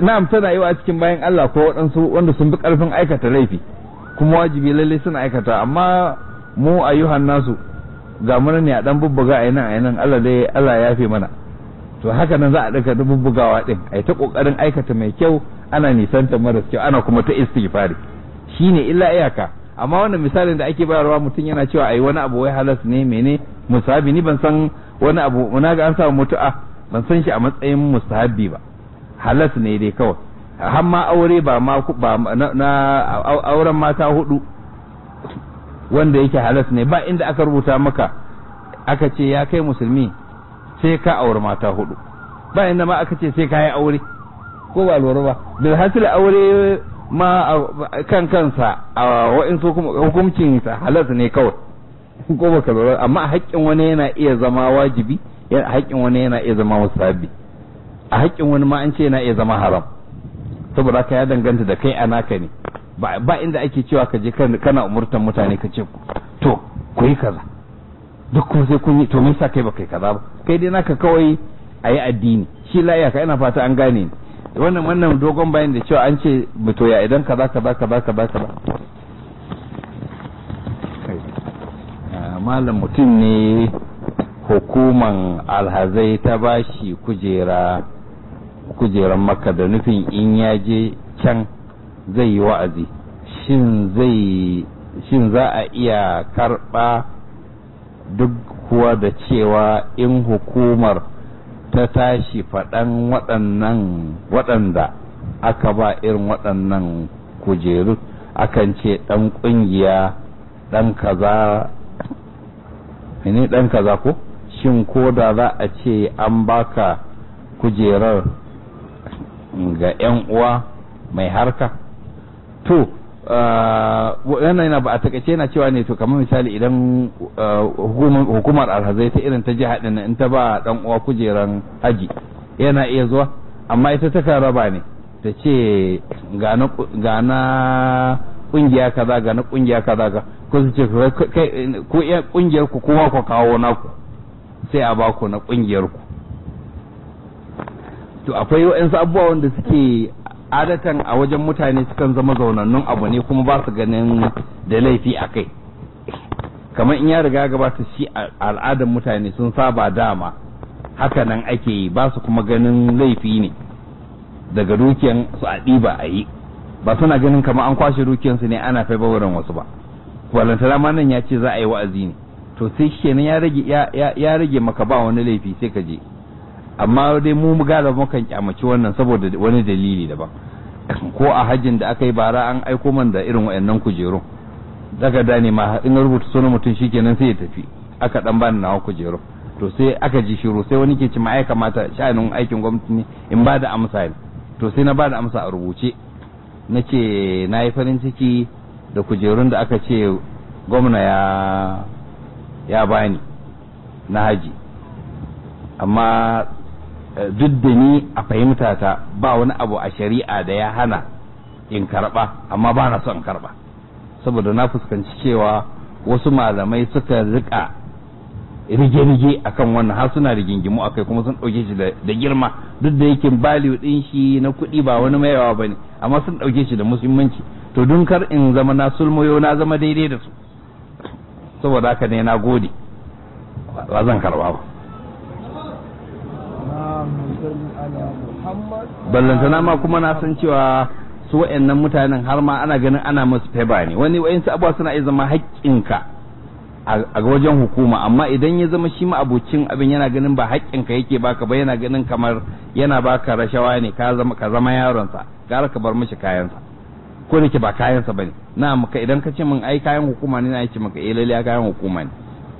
na'am tana yi wa cikin bayan Allah ko waɗansu wanda sun bi ƙarfin aikata laifi kuma wajibi lalle suna aikata amma mu ayyuhan nasu ga mana ne a dan bubbuga a nan a nan Allah dai Allah ya yafe mana to haka nan za a daka bubbugawa din ai ta kokarin aikata mai kyau ana ta maras kyau ana kuma ta istighfari shine illa iyaka amma wannan misalin da ake bayarwa mutum yana cewa ai wani abu wai halas ne mene musabi ni ban san wani abu na ga an samu mutu'a ban san shi a matsayin musabi ba halas ne dai kawai har ma aure ba ma ba na auren mata hudu wanda yake halas ne ba inda aka rubuta maka aka ce ya kai musulmi sai ka aure mata hudu ba inda ma aka ce sai ka yi aure ko ba lura ba bil hasil aure ma kan kansa a wa'insu hukuncin sa halas ne kawai ko ba ka lura amma haƙƙin wani yana iya zama wajibi haƙƙin wani yana iya zama musabi a haƙƙin wani ma an ce yana iya zama haram saboda ka ya danganta da kai a naka ne ba inda ake cewa ka je kana umurtan mutane ka ce to ku yi kaza duk kuma sai kun yi to me yasa kai ba kai kaza ba kai dai naka kawai a yi addini shi la ka ina fata an gane ni wannan wannan dogon bayan da cewa an ce to ya idan kaza kaza kaza kaza kaza ah, malam mutum ne hukuman alhazai ta bashi kujera kujeran makka da nufin in ya je can zai yi wa'azi shin za a iya karɓa duk kuwa da cewa in hukumar ta tashi faɗan waɗannan waɗanda aka ba irin waɗannan kujeru akan ce ɗan ƙungiya ɗan kaza ne ɗan kaza ko shin ko da za a ce an baka kujerar ga 'yan uwa mai harka to uh, wannan yana ba a takaice yana cewa ne to kamar misali idan uh, hukumar alhazai ta irin ta jiha din in ta ba dan uwa kujeran haji yana iya zuwa amma ita ta raba ne ta ce ga na kungiya kaza ga na kungiya kaza ga ko su ce ko kungiyar ku kowa ku kawo naku sai a baku na kungiyar ku to akwai wa'ansu abubuwa wanda suke adatan a wajen mutane sukan zama zaunannun abu ne kuma ba su ganin da laifi a kai kamar in ya riga gabata shi al'adar mutane sun saba dama haka nan ake yi ba su kuma ganin laifi ne daga dukiyan su a ɗiba a yi ba suna ganin kamar an kwashe dukiyansu ne ana fai wurin wasu ba walantara ma nan ya ce za a yi wa'azi ne to sai shi ya rage maka ba wani laifi sai ka je amma dai mu da mukan kyamaci wannan saboda wani dalili daban ko a hajjin da aka yi bara an aiko man da irin wayannan kujeru daga da ne ma in rubuta sunan mutum shikenan sai ya tafi aka dan bani nawa kujeru to sai aka ji shiru sai wani ke ci ma kamata sha'anin aikin gwamnati ne in ba da amsa to sai na ba da amsa a rubuce na nayi na farin ciki da kujerun da aka ce gwamna ya ya bani na haji amma duk da ni a fahimta ta ba wani abu a shari'a da ya hana in karɓa amma ba na son karɓa saboda na fuskanci cewa wasu malamai suka rika rige-rige akan wannan har suna rigingimu akai kuma sun ɗauke shi da girma duk da yake bali ɗin shi na kuɗi ba wani mai ba ne amma sun ɗauke shi da musulmanci to dun kar in zama na sulmoyo na zama daidai da su saboda haka ne na gode ba zan karɓa ba ballantana ma kuma na san cewa su wa'annan mutanen har ma ana ganin ana musu feba ne wani wa'insu abuwa suna iya zama haƙƙinka a wajen hukuma amma idan ya zama shi abocin abin yana ganin ba haƙƙinka yake baka ba yana ganin kamar yana baka rashawa ne ka zama ka zama yaronsa gara ka bar mishi kayansa ko da ke ba kayansa bane na maka idan ka ce min ai kayan hukuma ne na ce maka eh lalle kayan hukuma ne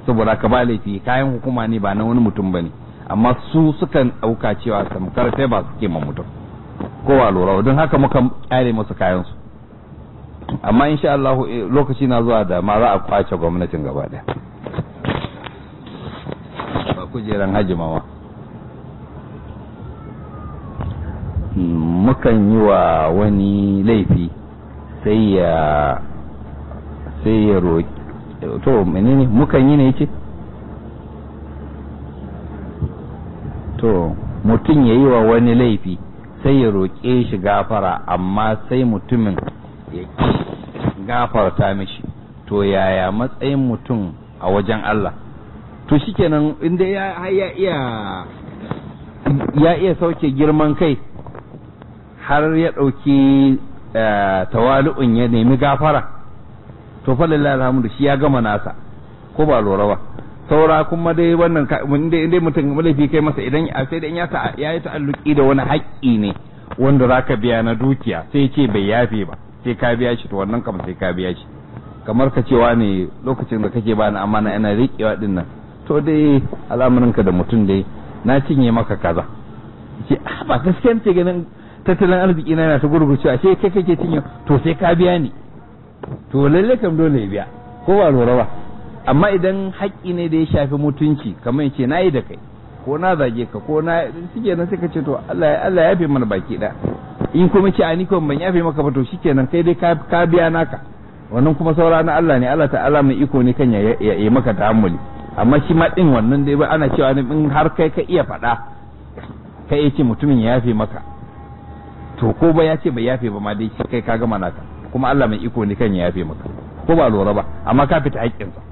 saboda ka ba laifi kayan hukuma ne ba na wani mutum bane amma su sukan ɗauka cewa tamkar sai ba su ke ma mutum kowa lura don haka muka kyale musu kayansu amma in insha Allah eh, lokaci na zuwa da ma za a kwace gwamnatin gaba ɗaya ba kujeran haji mawa mukan yi wa wani laifi sai ya sai ya roƙi to menene mukan yi ne yace to mutum ya yi wa wani laifi sai ya roƙe shi gafara amma sai mutumin ya ƙi gafarta mishi to yaya matsayin mutum a wajen Allah to shikenan inda ya iya sauke girman kai har ya ɗauki eh, tawalu'un ya nemi gafara to falillah alhamdu shi ya gama nasa ko ba lura ba saura kuma dai wannan dai mutum laifi kai masa idan sai dai ya yi ta'alluki da wani haƙƙi ne wanda za ka biya na dukiya sai ce bai yafe ba sai ka biya shi to wannan kam sai ka biya shi kamar ka cewa ne lokacin da kake bani amana yana riƙewa din nan to dai ka da mutum dai na cinye maka kaza ce ah, ba gaskiya ce ganin tattalin arziki na yana ta gurgurcewa sai kai kake cinye to sai ka biya ni to lalle kam dole ya biya ko ba lura ba amma idan haƙƙi ne da ya shafi mutunci kamar ya ce na yi da kai ko na zage ka ko na suke nan suka ka ce to Allah Allah ya fi mana baki da in kuma ce ani kuma ban yafe maka ba to shikenan kai dai ka biya naka wannan kuma saura na Allah ne Allah ta'ala mai iko ne kan ya yi maka ta'ammuli amma shi ma din wannan dai ba ana cewa ne in har kai ka iya faɗa ka iya ce mutumin ya yafe maka to ko ba ya ce bai yafe ba ma dai kai ka gama naka kuma Allah mai iko ne kan ya yafe maka ko ba lura ba amma ka fita haƙƙinsa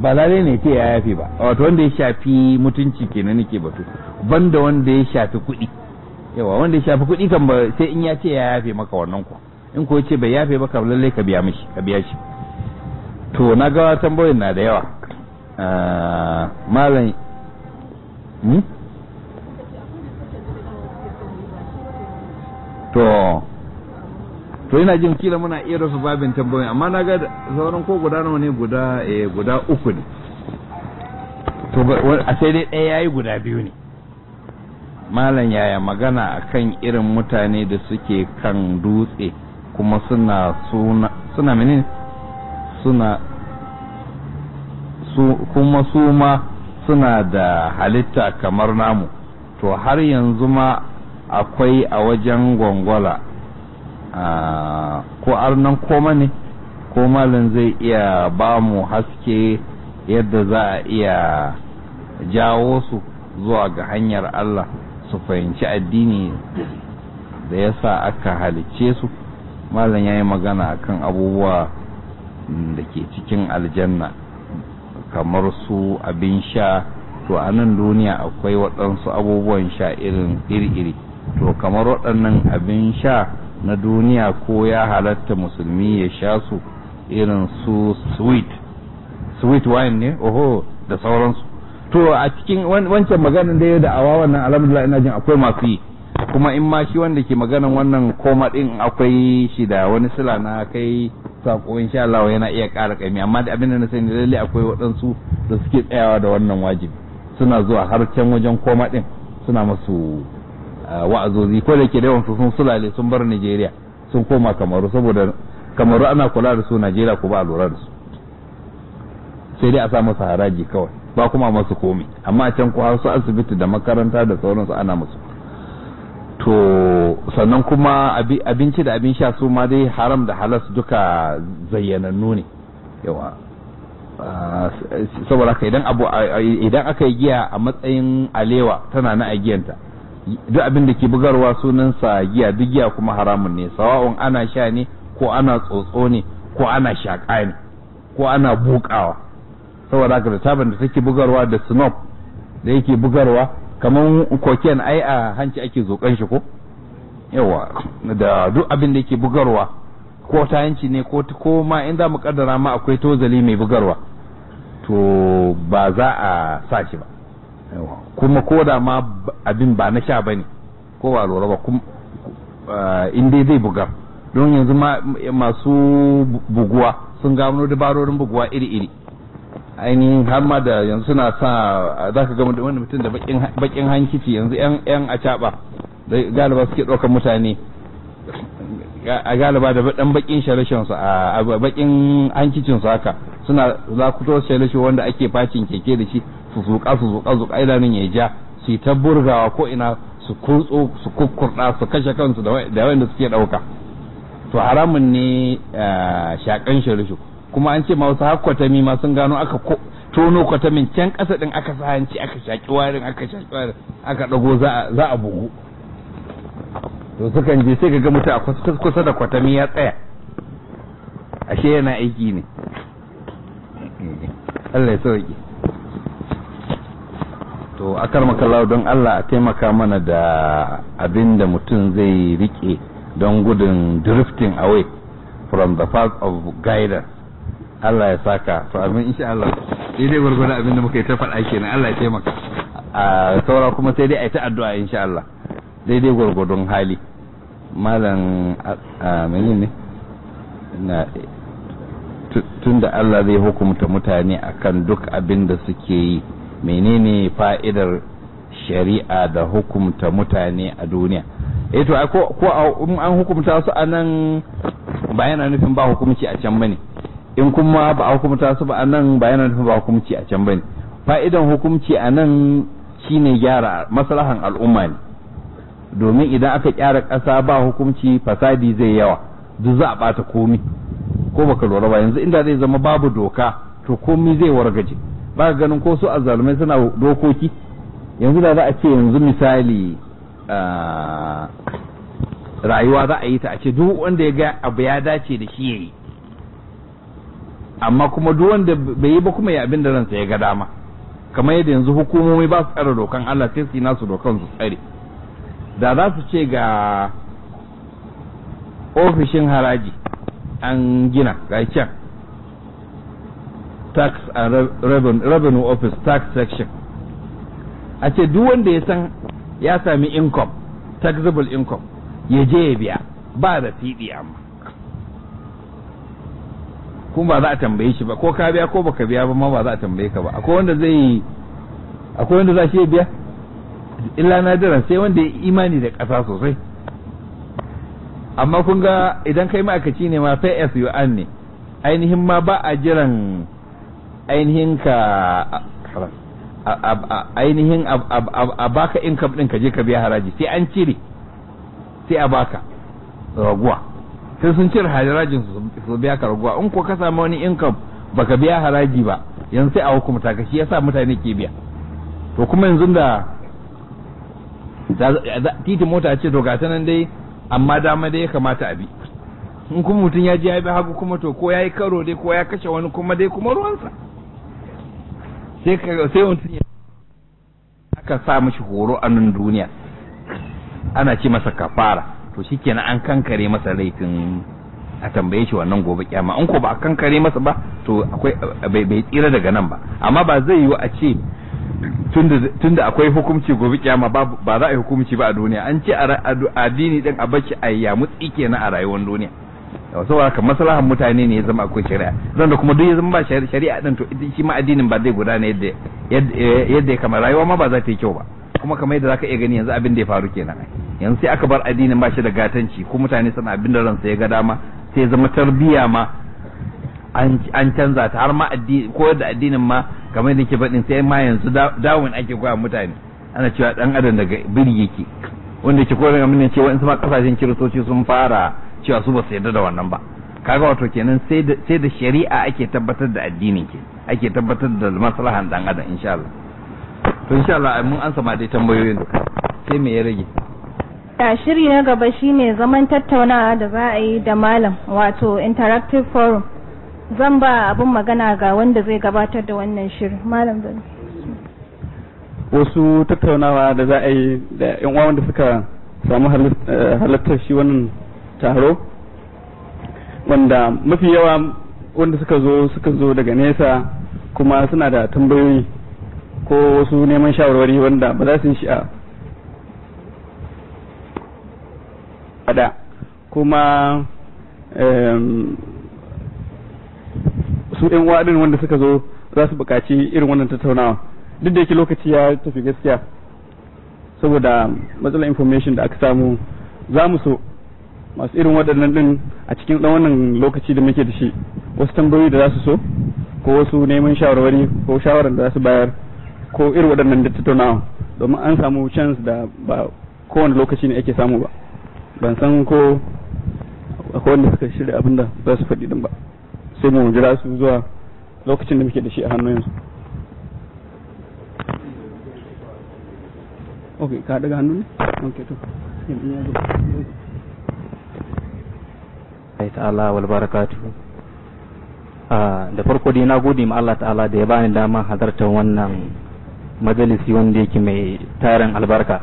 ba lalai ne ce ya yafe ba wato wanda ya shafi mutunci kenan nake batu banda wanda ya shafi kuɗi yawa wanda ya shafi kuɗi kan ba sai in ya ce ya yafe maka wannan ku in ko ce bai yafe maka lalle ka biya mishi ka biya shi to na ga tambayoyin na da yawa ah, malam hmm? to to ina jin kila muna iya rasa babin tambayoyi amma na ga sauran ko guda nawa ne guda eh guda uku ne to a sai dai ɗaya yayi guda biyu ne malam yaya magana akan irin mutane da suke kan dutse kuma suna suna suna mene suna su kuma su ma suna da halitta kamar namu to har yanzu ma akwai a wajen gwangwala Ah, ko arnan koma ne ko malin zai iya ba mu haske yadda za a iya jawo su zuwa ga hanyar Allah su fahimci addini da ya sa aka halicce su malam ya yi magana kan abubuwa mm, da ke cikin aljanna kamar su abin sha to a nan duniya akwai waɗansu abubuwan sha irin iri-iri to kamar waɗannan abin sha na duniya ko ya halatta musulmi ya sha su irin su sweet sweet wine ne oho da sauransu to a cikin wancan maganin da da awa wannan alhamdulillah ina jin akwai masu yi kuma in ma shi wanda ke maganan wannan koma din akwai shi da wani sila na kai sako sha Allah yana iya ƙara kaimi amma da abin da na sani lalle akwai waɗansu da suke tsayawa da wannan wajibi suna zuwa har can wajen koma din suna masu wa'azozi ko da ke da yawan sun sulale sun bar Najeriya sun koma kamaru saboda kamaru ana kula da su Najeriya ko ba a lura da su sai dai a sa masa haraji kawai ba kuma masu komi amma can ko har su asibiti da makaranta da sauransu ana musu to sannan kuma abinci da abin sha su ma dai haram da halas duka zayyanannu ne yawa saboda idan abu idan aka yi giya a matsayin alewa tana na a duk abin da ke bugarwa sunansa giya duk giya kuma haramun ne sawa'un ana sha ne ko ana tsotso ne ko ana shaƙa ne ko ana buƙawa saboda haka da taban da take bugarwa da snob da yake bugarwa kamar koken ai a hanci ake zokan shi ko yawa da duk abin da yake bugarwa ko ta hanci ne ko ko ma in za mu kaddara ma akwai tozali mai bugarwa to ba za a sa shi ba kuma ko da ma abin ba na sha ba ne ko ba lura ba kuma eh, in dai zai buga don yanzu masu buguwa sun gano dabarorin buguwa iri-iri ainihin har ma da yanzu suna sa za ka gama da wani mutum da bakin hankici yanzu yan a caɓa galiba suke ɗaukar mutane a galiba da dan bakin shalashin su a bakin hankicin su haka suna za ku to shalashi wanda ake facin keke da shi su zuka su zuka zuka idanun ya ja su ta burgawa ko ina su kurtso su kukkurda su kashe kansu da wanda suke dauka to haramun ne shakan shalashi kuma an ce ma wasu hakkwatami ma sun gano aka tono kwatamin can kasa din aka sa hanci aka shaki warin aka shaki warin aka dago za a bugu to sukan je sai ga mutu a kusa da kwatami ya tsaya ashe yana aiki ne Allah ya sauki to akar makallawa don Allah a taimaka mana da abin da mutum zai rike don gudun drifting away from the path of guidance Allah ya saka to amin insha Allah sai dai gurgurda abin da muka yi ta faɗa kenan Allah ya taimaka a saura kuma sai dai a yi ta addu'a insha Allah daidai gwargwadon hali malam a menene na tun da Allah zai hukumta mutane akan duk abin da suke yi menene fa'idar shari'a da hukumta mutane a duniya eh to ko an hukumta su a nan ba yana nufin ba hukumci a can bane in kuma ba a hukumta su ba a nan ba yana nufin ba hukumci a can bane fa'idan hukumci a nan shine gyara maslahan al'umma ne domin idan aka kyara ƙasa ba hukunci fasadi zai yawa duk za a ɓata komi ko baka lura ba yanzu inda zai zama babu doka to komi zai wargaje ba ganin ko su azzalumai suna dokoki yanzu da za a ce yanzu misali rayuwa za a yi ta a ce duk wanda ya ga abu ya dace da shi yayi amma kuma duk wanda bai yi ba kuma ya abin da ransa ya ga dama kamar yadda yanzu hukumomi ba su tsare dokan Allah sai su yi nasu dokan su tsare da za su ce ga ofishin haraji an gina ga can tax and revenue office tax section a ce duk wanda ya san ya sami income taxable income ya je ya biya ba da fiɗi amma kuma ba za a tambaye shi ba ko ka biya ko baka biya ba ma ba za a tambaye ka ba akwai wanda zai akwai wanda za shi ya biya illa nadira sai wanda ya imani da ƙasa sosai amma kun ga idan kai ma'aikaci ne ma sai as an ne ainihin ma ba a jiran ainihin ka ainihin a baka income ɗin ka je ka biya haraji sai an cire sai a baka raguwa sai sun cire harajin su biya ka raguwa in ko ka samu wani income baka biya haraji ba yanzu sai a hukumta ka shi yasa mutane ke biya to kuma yanzu da titin mota ce to ga nan dai amma dama dai ya kamata a bi in kuma mutum ya je ya bi hagu kuma to ko ya yi karo dai ko ya kashe wani kuma dai kuma ruwansa sai mutum ya aka sa mashi horo a nan duniya ana ce masa kafara to shikenan an kankare masa laifin a tambaye shi wannan gobe kyama in ko ba a kankare masa ba to akwai bai tsira daga nan ba amma ba zai yiwu a ce tunda akwai hukumci gobe kiyama ba za a yi hukumci ba a duniya an ce addini din a bacci a ya mutsi kenan a rayuwar duniya saboda haka maslahan mutane ne ya zama akwai shari'a zan da kuma duk ya zama ba shari'a din to shi ma addinin ba zai gudana yadda eh, yadda ya kama rayuwa ma ba za ta yi kyau ba kuma kamar yadda zaka iya gani yanzu abin da ya faru kenan yanzu sai aka bar addinin ba shi da gatanci ko mutane suna abin da ransa ya ga dama sai ya zama tarbiya ma an canza ta har ma addini ko da addinin ma kamar da ke faɗin sai ma yanzu dawon ake koya mutane ana cewa dan adam daga biri yake wanda ke koyar mun cewa in ma kasashen kiristoci sun fara cewa su ba su yarda da wannan ba kaga wato kenan sai da shari'a ake tabbatar da addinin ke ake tabbatar da maslahan dan adam insha Allah to insha Allah mun an sama dai tambayoyin sai me ya rage ta shiri na gaba shine zaman tattaunawa da za a yi da malam wato interactive forum zan ba abin magana ga wanda zai gabatar da wannan shirin malam zan wasu tattaunawa da za a yi da yan uwa wanda suka samu halittar eh, shi wannan taro wanda mafi yawa wanda suka zo suka zo daga nesa kuma suna da tambayoyi ko wasu neman shawarwari wanda ba za su yi shi a da kuma su ɗan uwa ɗin wanda suka zo za su buƙaci irin wannan tattaunawa duk da yake lokaci ya tafi gaskiya saboda matsalar information da aka samu za mu so masu irin waɗannan ɗin a cikin ɗan wannan lokaci da muke da shi wasu tambayoyi da za su so ko wasu neman shawarwari ko shawarar da za su bayar ko irin waɗannan da tattaunawa domin an samu chance da ba kowane lokaci ne ake samu ba ban san ko akwai wanda suka shirya abin da za su faɗi ɗin ba sai mu jira su zuwa lokacin da muke da shi a hannun yanzu ok ka daga hannun ne ok to Allah ta'ala wal barakatuhu ah, da farko dai na gode ma Allah ta'ala da ya bani dama hadartar wannan majalisi wanda yake mai tarin albarka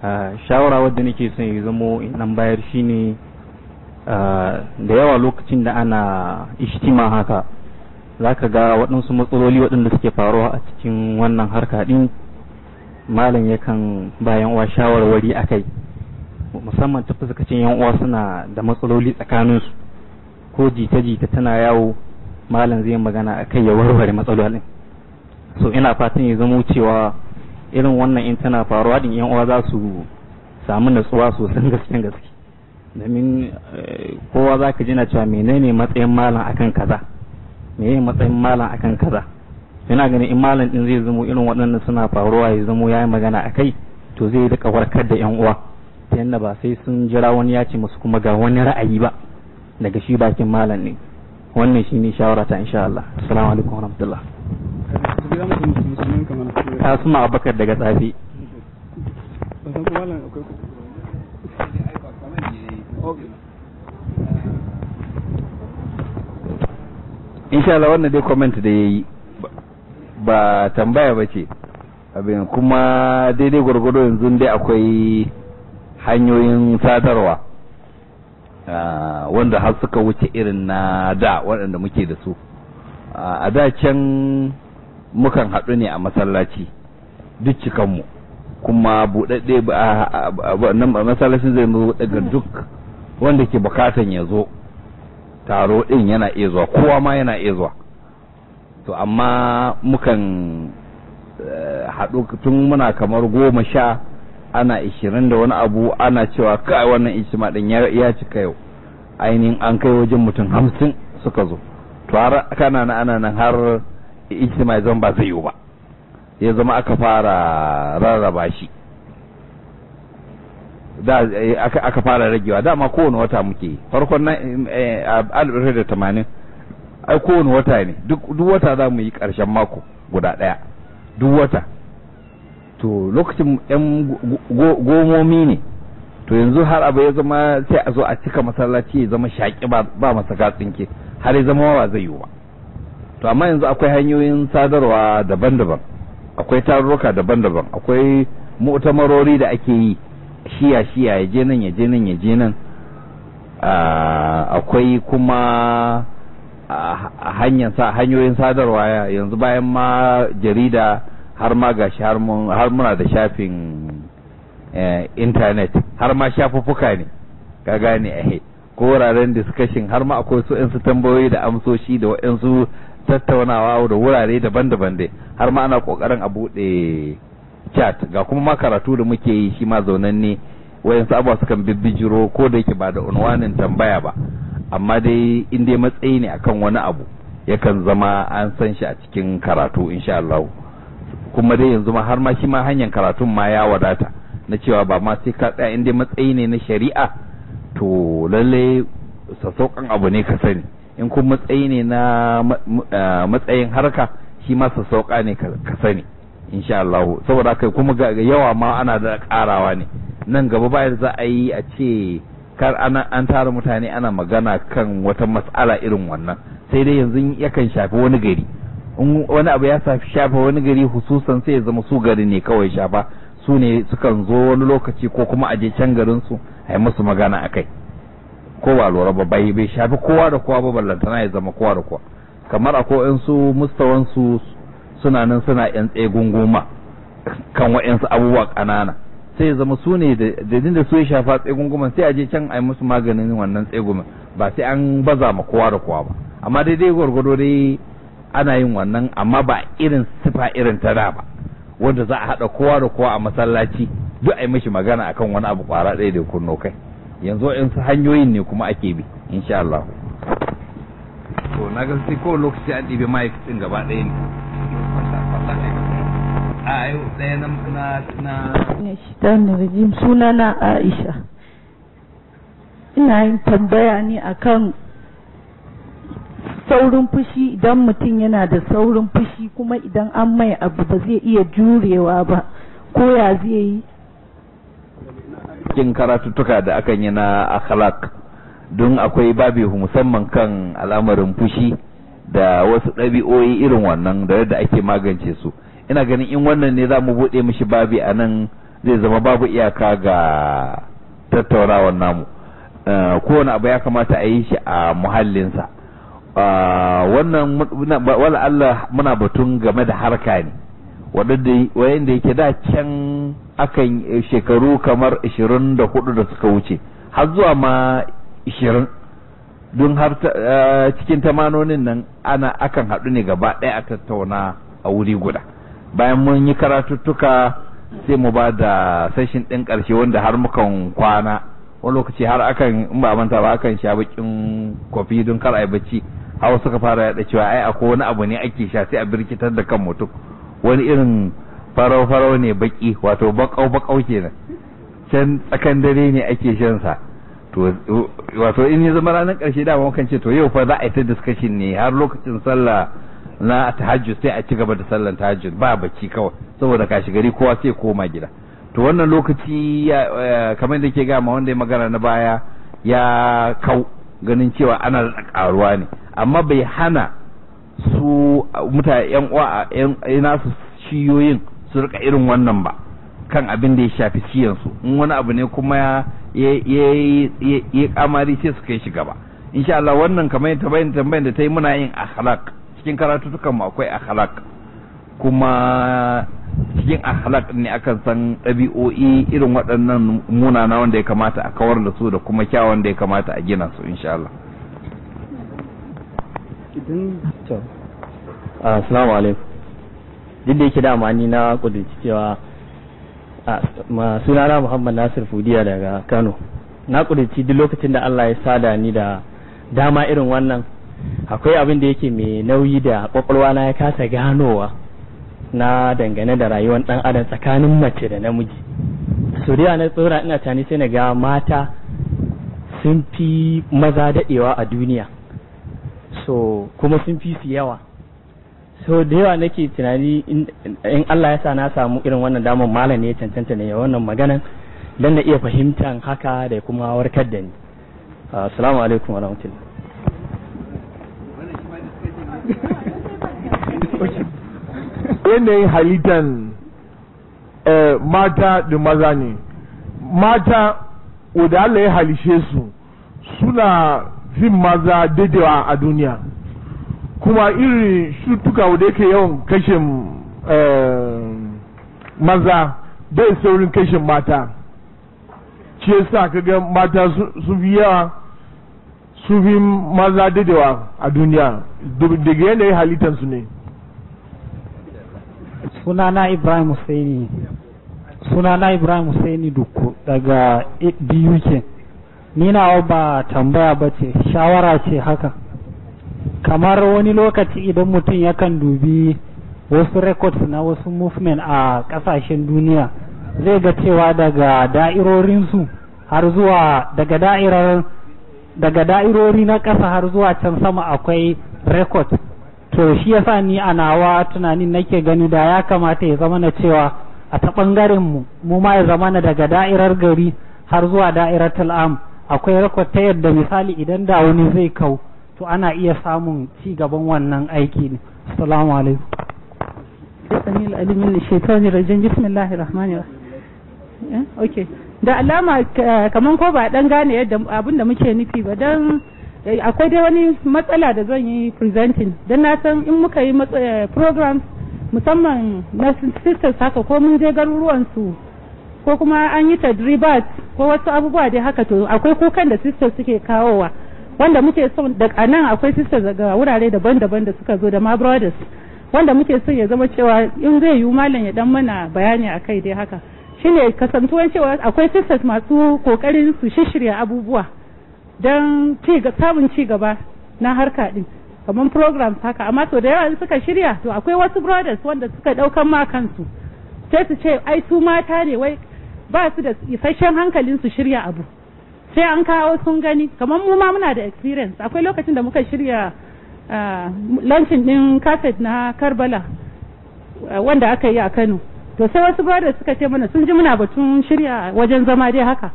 ah, shawara wadda nake son yi zamo nan bayar shine Ah, da yawa lokacin da ana ishtima haka za ka ga waɗansu matsaloli waɗanda suke faruwa a cikin wannan harka ɗin malam yakan bayan uwa shawarwari a kai musamman ta fuskacin yan uwa suna da matsaloli tsakaninsu ko jita-jita tana yawo malam zai magana a kai ya warware matsalolin so ina fatan ya zamo cewa irin wannan in tana faruwa ɗin yan uwa za su samu natsuwa sosan gaske gaske domin eh, kowa za ka jina cewa menene matsayin malam akan kaza menene matsayin malam akan kaza yana ganin in malam din zai zamo irin waɗannan suna faruwa ya zamo ya yi magana a kai to zai rika warkar da yan uwa ta yadda ba sai sun jira wani ya ce musu kuma ga wani ra'ayi ba daga shi bakin malam ne wannan shi ne shawara ta insha Allah assalamu alaikum warahmatullah suna abakar daga tsafi insha Allah wannan dai comment da yayi ba tambaya ba ce abin kuma daidai gwargwado yanzu dai akwai hanyoyin sadarwa ah, wanda har suka wuce irin na da waɗanda muke da su ah, a da can mukan haɗu ne a masallaci duk cikanmu kuma buɗaɗɗe ah, masallacin zai buɗe daga duk wanda ke bukatan ya zo taro ɗin yana iya zuwa kowa ma yana iya zuwa to amma mukan eh, haɗu tun muna kamar goma sha ana ishirin da wani abu ana cewa kai wannan ijtima ɗin ya cika yau ainihin an kai wajen mutum hamsin suka zo to har kana na ana nan har ijtima zan ba zai yiwu ba ya zama aka fara rarraba shi da eh, aka fara ragewa dama kowane wata muke farkon na eh, alif da tamanin ai kowane wata ne duk wata za mu yi ƙarshen mako guda ɗaya duk wata to lokacin yan gomomi ne to yanzu har abu ya zama sai a zo a cika masallaci ya zama shaƙi ba masa tsinke har ya zama ba zai yiwu ba to amma yanzu akwai hanyoyin sadarwa daban-daban akwai tarurruka daban-daban akwai mu'tamarori da ake yi shiya shiya ya je nan ya je nan ya je nan akwai kuma hanyar sa hanyoyin sadarwa yanzu bayan ma jarida har ma ga har muna da shafin eh, intanet har ma shafuffuka ne ka gane ahe eh, ko wuraren discussion har ma akwai su su tambayoyi da amsoshi da waɗansu tattaunawa da wurare daban-daban dai har ma ana kokarin a buɗe chat ga kuma ma karatu da muke yi shi ma zaunanne su abuwa sukan bibbijiro ko da yake ba da unwanin tambaya ba amma dai in dai matsayi ne akan wani abu yakan zama an san shi a cikin karatu insha Allah kuma dai yanzu ma har ma shi ma hanyar karatun ma ya wadata na cewa ba ma sai ka tsaya in dai matsayi ne na shari'a to lalle sassauƙan abu ne ka sani in kuma matsayi ne na eh, matsayin harka shi ma sassauƙa ne ka sani insha Allah saboda kai kuma ga yawa ma ana da karawa ne nan gaba ba za a yi a ce kar an tara mutane ana magana kan wata matsala irin wannan sai dai yanzu yakan shafi wani gari in wani abu ya shafi wani gari hususan sai ya zama su gari ne kawai shafa su ne sukan zo wani lokaci ko kuma a je can garin su a yi musu magana akai ko ba lura ba bai shafi kowa da kowa ba ballantana ya zama kowa da kowa kamar akwai su mustawansu. suna nan suna yan tsegunguma kan wa'yansu abubuwa ƙanana sai zama su ne da da su ya shafa tsegunguman sai a je can a yi musu maganin wannan tsegumin ba sai an baza ma kowa da kowa ba amma daidai gwargwado dai ana yin wannan amma ba irin sifa irin ta da ba wanda za a haɗa kowa da kowa a masallaci duk a yi mishi magana akan wani abu kwara ɗaya da kunno kai yanzu in su hanyoyin ne kuma ake bi insha Allah to na ga sai ko lokaci an ɗibi mic ɗin gaba ɗaya ne a yau ɗaya na suna na Aisha ina yin tambaya ne akan saurin fushi idan mutum yana da saurin fushi kuma idan an mai abu ba zai iya jurewa ba ko ya zai yi cikin karatuttuka da akan yi na akhlaq don akwai babi musamman kan al'amarin fushi da wasu ɗabi'o'i irin wannan da yadda ake magance su ina ganin in wannan ne za mu buɗe mishi babi a nan zai zama babu iyaka ga tattaunawar namu eh, kowane abu ya kamata a yi shi a muhallinsa eh, wannan wala Allah muna batun game da harka ne wadanda yake da can akan shekaru kamar 24 da suka wuce har zuwa ma 20 don har eh, cikin tamanonin nan ana akan haɗu ne gaba ɗaya a tattauna a wuri guda bayan mun yi karatuttuka sai mu ba da sashin ɗin ƙarshe wanda har mukan kwana wani lokaci har akan in ba manta ba akan sha bakin kofi don kar a yi bacci hawa suka fara yaɗa cewa ai akwai wani abu ne ake sha sai a birkitar da kan mutum wani irin farau farau ne baki wato bakau bakau kenan can tsakan dare ne ake shan sa to wato in ya zama ranar ƙarshe da kan ce to yau fa za a yi ta discussion ne har lokacin sallah na tahajjud sai a ci gaba da sallan tahajjud ba bacci kawai saboda kashi gari kowa sai koma gida to wannan lokaci eh, kamar da ke ga ma wanda ya magana na baya ya kau ganin cewa ana karuwa ne amma bai hana su mutane yan uwa yan nasu ciyoyin su rika irin wannan ba kan abin da ya shafi ciyansu in wani abu ne kuma ya ya kamari sai su kai shi gaba insha Allah wannan kamar tambayin da ta yi muna yin akhlaq cikin karatutukan mu akwai akhlaq kuma cikin akhlaq ne akan san ɗabi'o'i irin waɗannan munana wanda ya kamata a kawar da su da kuma kyawun da ya kamata a gina su insha Allah assalamu alaikum duk da yake da amani na kudurci cewa sunana Muhammad Nasir Fudiya daga Kano na kudurci duk lokacin da Allah ya sada ni da dama irin wannan akwai abin da yake mai nauyi da kwakwalwa na ya kasa ganowa na dangane da rayuwar dan adam tsakanin mace da namiji so na tsora ina tani sai na ga mata sun fi maza daɗewa a duniya so kuma sun fi su yawa so da yawa nake tunani in Allah ya sa na samu irin wannan damar malam ne ya cancanta ne wannan maganan dan na iya fahimtan haka da kuma warkar da ni assalamu alaikum warahmatullahi yanayin halittan eh, mata da maza ne mata wadda Allah ya halishe su suna fin maza daidaiwa a duniya kuma irin shutuka wadda yake yawan kashe eh, maza bai saurin kashe mata ce sa kaga mata sun fi yawa su maza dadewa a duniya daga halittar halittansu ne sunana ibrahim husaini sunana ibrahim husaini duku daga biyu ke ni nawa ba tambaya ba ce shawara ce haka kamar wani lokaci idan mutum yakan dubi wasu records na wasu movement a kasashen duniya zai ga cewa daga da'irorinsu har zuwa daga da'irar daga da'irori na ƙasa har zuwa can sama akwai rekod to shi yasa ni a nawa tunanin nake gani da ya kamata ya zama na cewa a ta ɓangaren mu mu ma ya zama na daga da'irar gari har zuwa da'irar tal'am akwai rekod ta yadda misali idan da wani zai kau to ana iya samun ci gaban wannan aiki ne assalamu alaikum da alama eh, kamar ko ba dan gane yadda abin da muke nufi ba dan eh, akwai dai wani matsala da zan yi presenting dan na san in muka yi eh, program musamman na sisters haka ko mun je garuruwan su ko kuma an yi tadribat ko wasu abubuwa dai haka to akwai kukan da sisters suke kawowa wanda muke so da anan akwai sisters daga wurare daban-daban da suka zo da ma brothers wanda muke so ya zama cewa in zai yi malam ya dan mana bayani akai dai haka shine kasantuwar cewa akwai sisters masu kokarin su shishirya abubuwa don samun ci gaba na harka din kamar programs haka amma to da yawa suka shirya to akwai wasu brothers wanda suka daukan ma kansu sai su ce ai su mata ne wai ba su da isasshen hankalin su shirya abu sai an kawo sun gani kamar mu ma muna da experience akwai lokacin da muka shirya ah, lancin din kafet na Karbala wanda aka yi a Kano to sai wasu brothers suka ce mana sun ji muna batun shirya wajen zama dai haka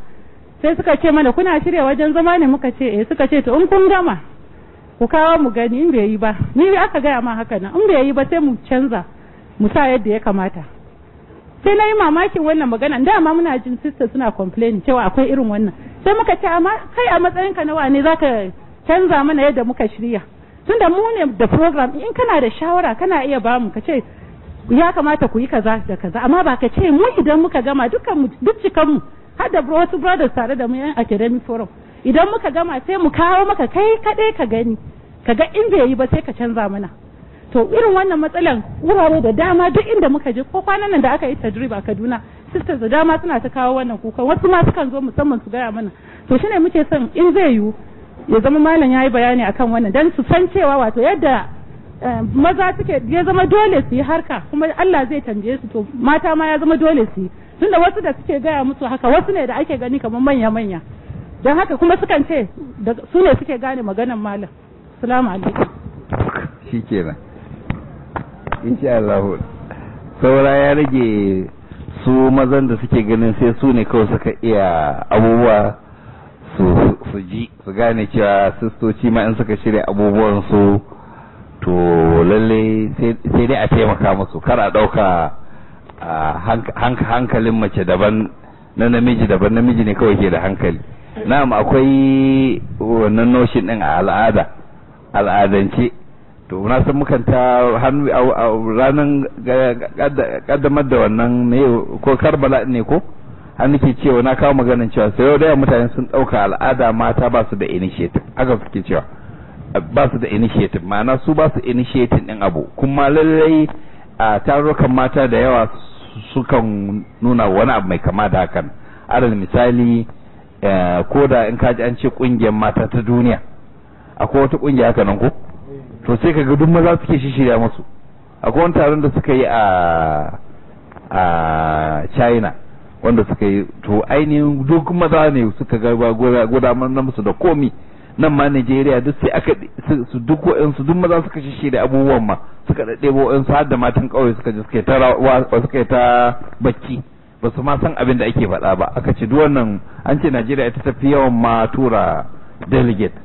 sai suka ce mana kuna shirya wajen zama ne muka ce eh suka ce to in kun gama ku kawo mu gani in bai yi ba ni aka gaya ma haka nan in bai yi ba sai mu canza mu sa yadda ya kamata sai na yi mamakin wannan magana dama muna jin sister suna complain cewa akwai irin wannan sai muka ce amma kai a matsayinka na wane zaka canza mana yadda muka shirya tunda mu ne da program in kana da shawara kana iya bamu ka ce ya kamata ku yi kaza da kaza amma ba ka ce mu idan muka gama dukkan mu duk cikan mu har da wasu brothers tare da mu yan academic forum idan muka gama sai mu kawo maka kai kadai ka gani ka ga in bai yi ba sai ka canza mana to irin wannan matsalan wurare da dama duk inda muka je ko kwanan nan da aka yi tajriba Kaduna sisters da dama suna ta kawo wannan kuka wasu ma sukan zo musamman su gaya mana to shine muke son in zai yi ya zama malam ya yi bayani akan wannan dan su san cewa wato yadda Eh, maza suke ya zama dole su yi harka kuma Allah zai canje su to mata ma ya zama dole su yi tunda wasu da suke gaya musu haka wasu ne da ake gani kamar manya manya don haka kuma sukan ce su ne suke gane maganan malam salamu alaikum shi kenan insha Allah saura ya rage su mazan da suke ganin sai su ne kawai suka iya abubuwa su ji su gane cewa sistoci ma in suka shirya abubuwan su to lalle sai dai a taimaka musu kar a ɗauka hankalin mace daban na namiji daban namiji ne kawai ke da hankali na'am akwai wannan noshin din a al'ada al'adance to na san mukan ta hannu a ranar kaddamar da wannan ne ko karbala ne ko an nake cewa na kawo maganin cewa sai yau da mutane sun ɗauka al'ada mata ba su da initiative aka suke cewa ba su da initiative ma'ana su ba su initiating din abu kuma lallai a tarurrukan mata da yawa sukan nuna wani abu mai kama da hakan adal misali eh, ko da in kaji an ce kungiyar mata ta duniya akwai wata kungiya haka nan ko to sai ka ga duk maza suke shishirya musu akwai wani taron da suka yi a a china wanda suka yi to ainihin duk maza ne suka ga gudanar musu da komi nan ma Najeriya duk sai aka su duk waɗansu duk maza suka shishi da abubuwan ma suka daddebo waɗansu har da matan ƙauye suka ji suka ta suka ta bacci ba su ma san abin da ake faɗa ba aka ce duk wannan an ce Najeriya ita tafi yawan ma tura delegate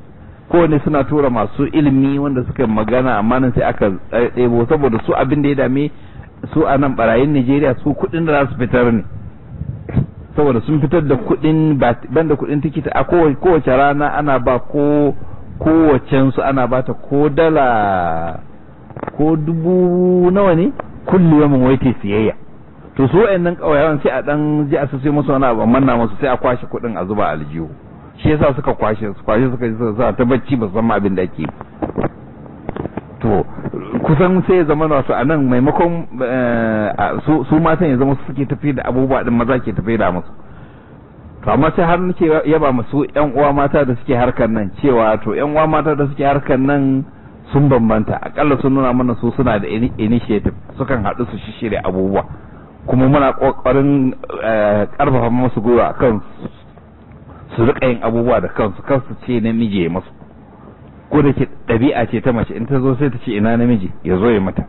kowane suna tura masu ilimi wanda suka magana amma nan sai aka ɗebo saboda su abin da ya dame su a nan barayin Najeriya su kuɗin da za su fitar ne saboda sun fitar da kuɗin da kuɗin tikiti a kowace rana ana ba ko kowacensu ana ba ta ko dala ko dubu nawa ne kulli yamin wai siyayya to su wayannan kawayan sai a dan ji a sai musu wani abu manna musu sai a kwashe kuɗin a zuba aljihu shi yasa suka kwashe su kwashe suka yi suka ta bacci ba san abin da ake to kusan sai ya zama wasu a nan maimakon eh, su matan ya zama suke tafi da abubuwa din maza ke tafi da musu to amma sai har nake yaba musu yan uwa mata da suke harkar nan cewa to yan uwa mata da suke harkar nan sun bambanta akalla sun nuna mana su suna da initiative sukan haɗu su shirya abubuwa kuma muna ƙoƙarin eh, ƙarfafa musu gwiwa kan su riƙa yin abubuwa da kansu kansu ce namiji masu ko da ke ɗabi'a ce ta mace in ta zo sai ta ce ina namiji ya zo ya mata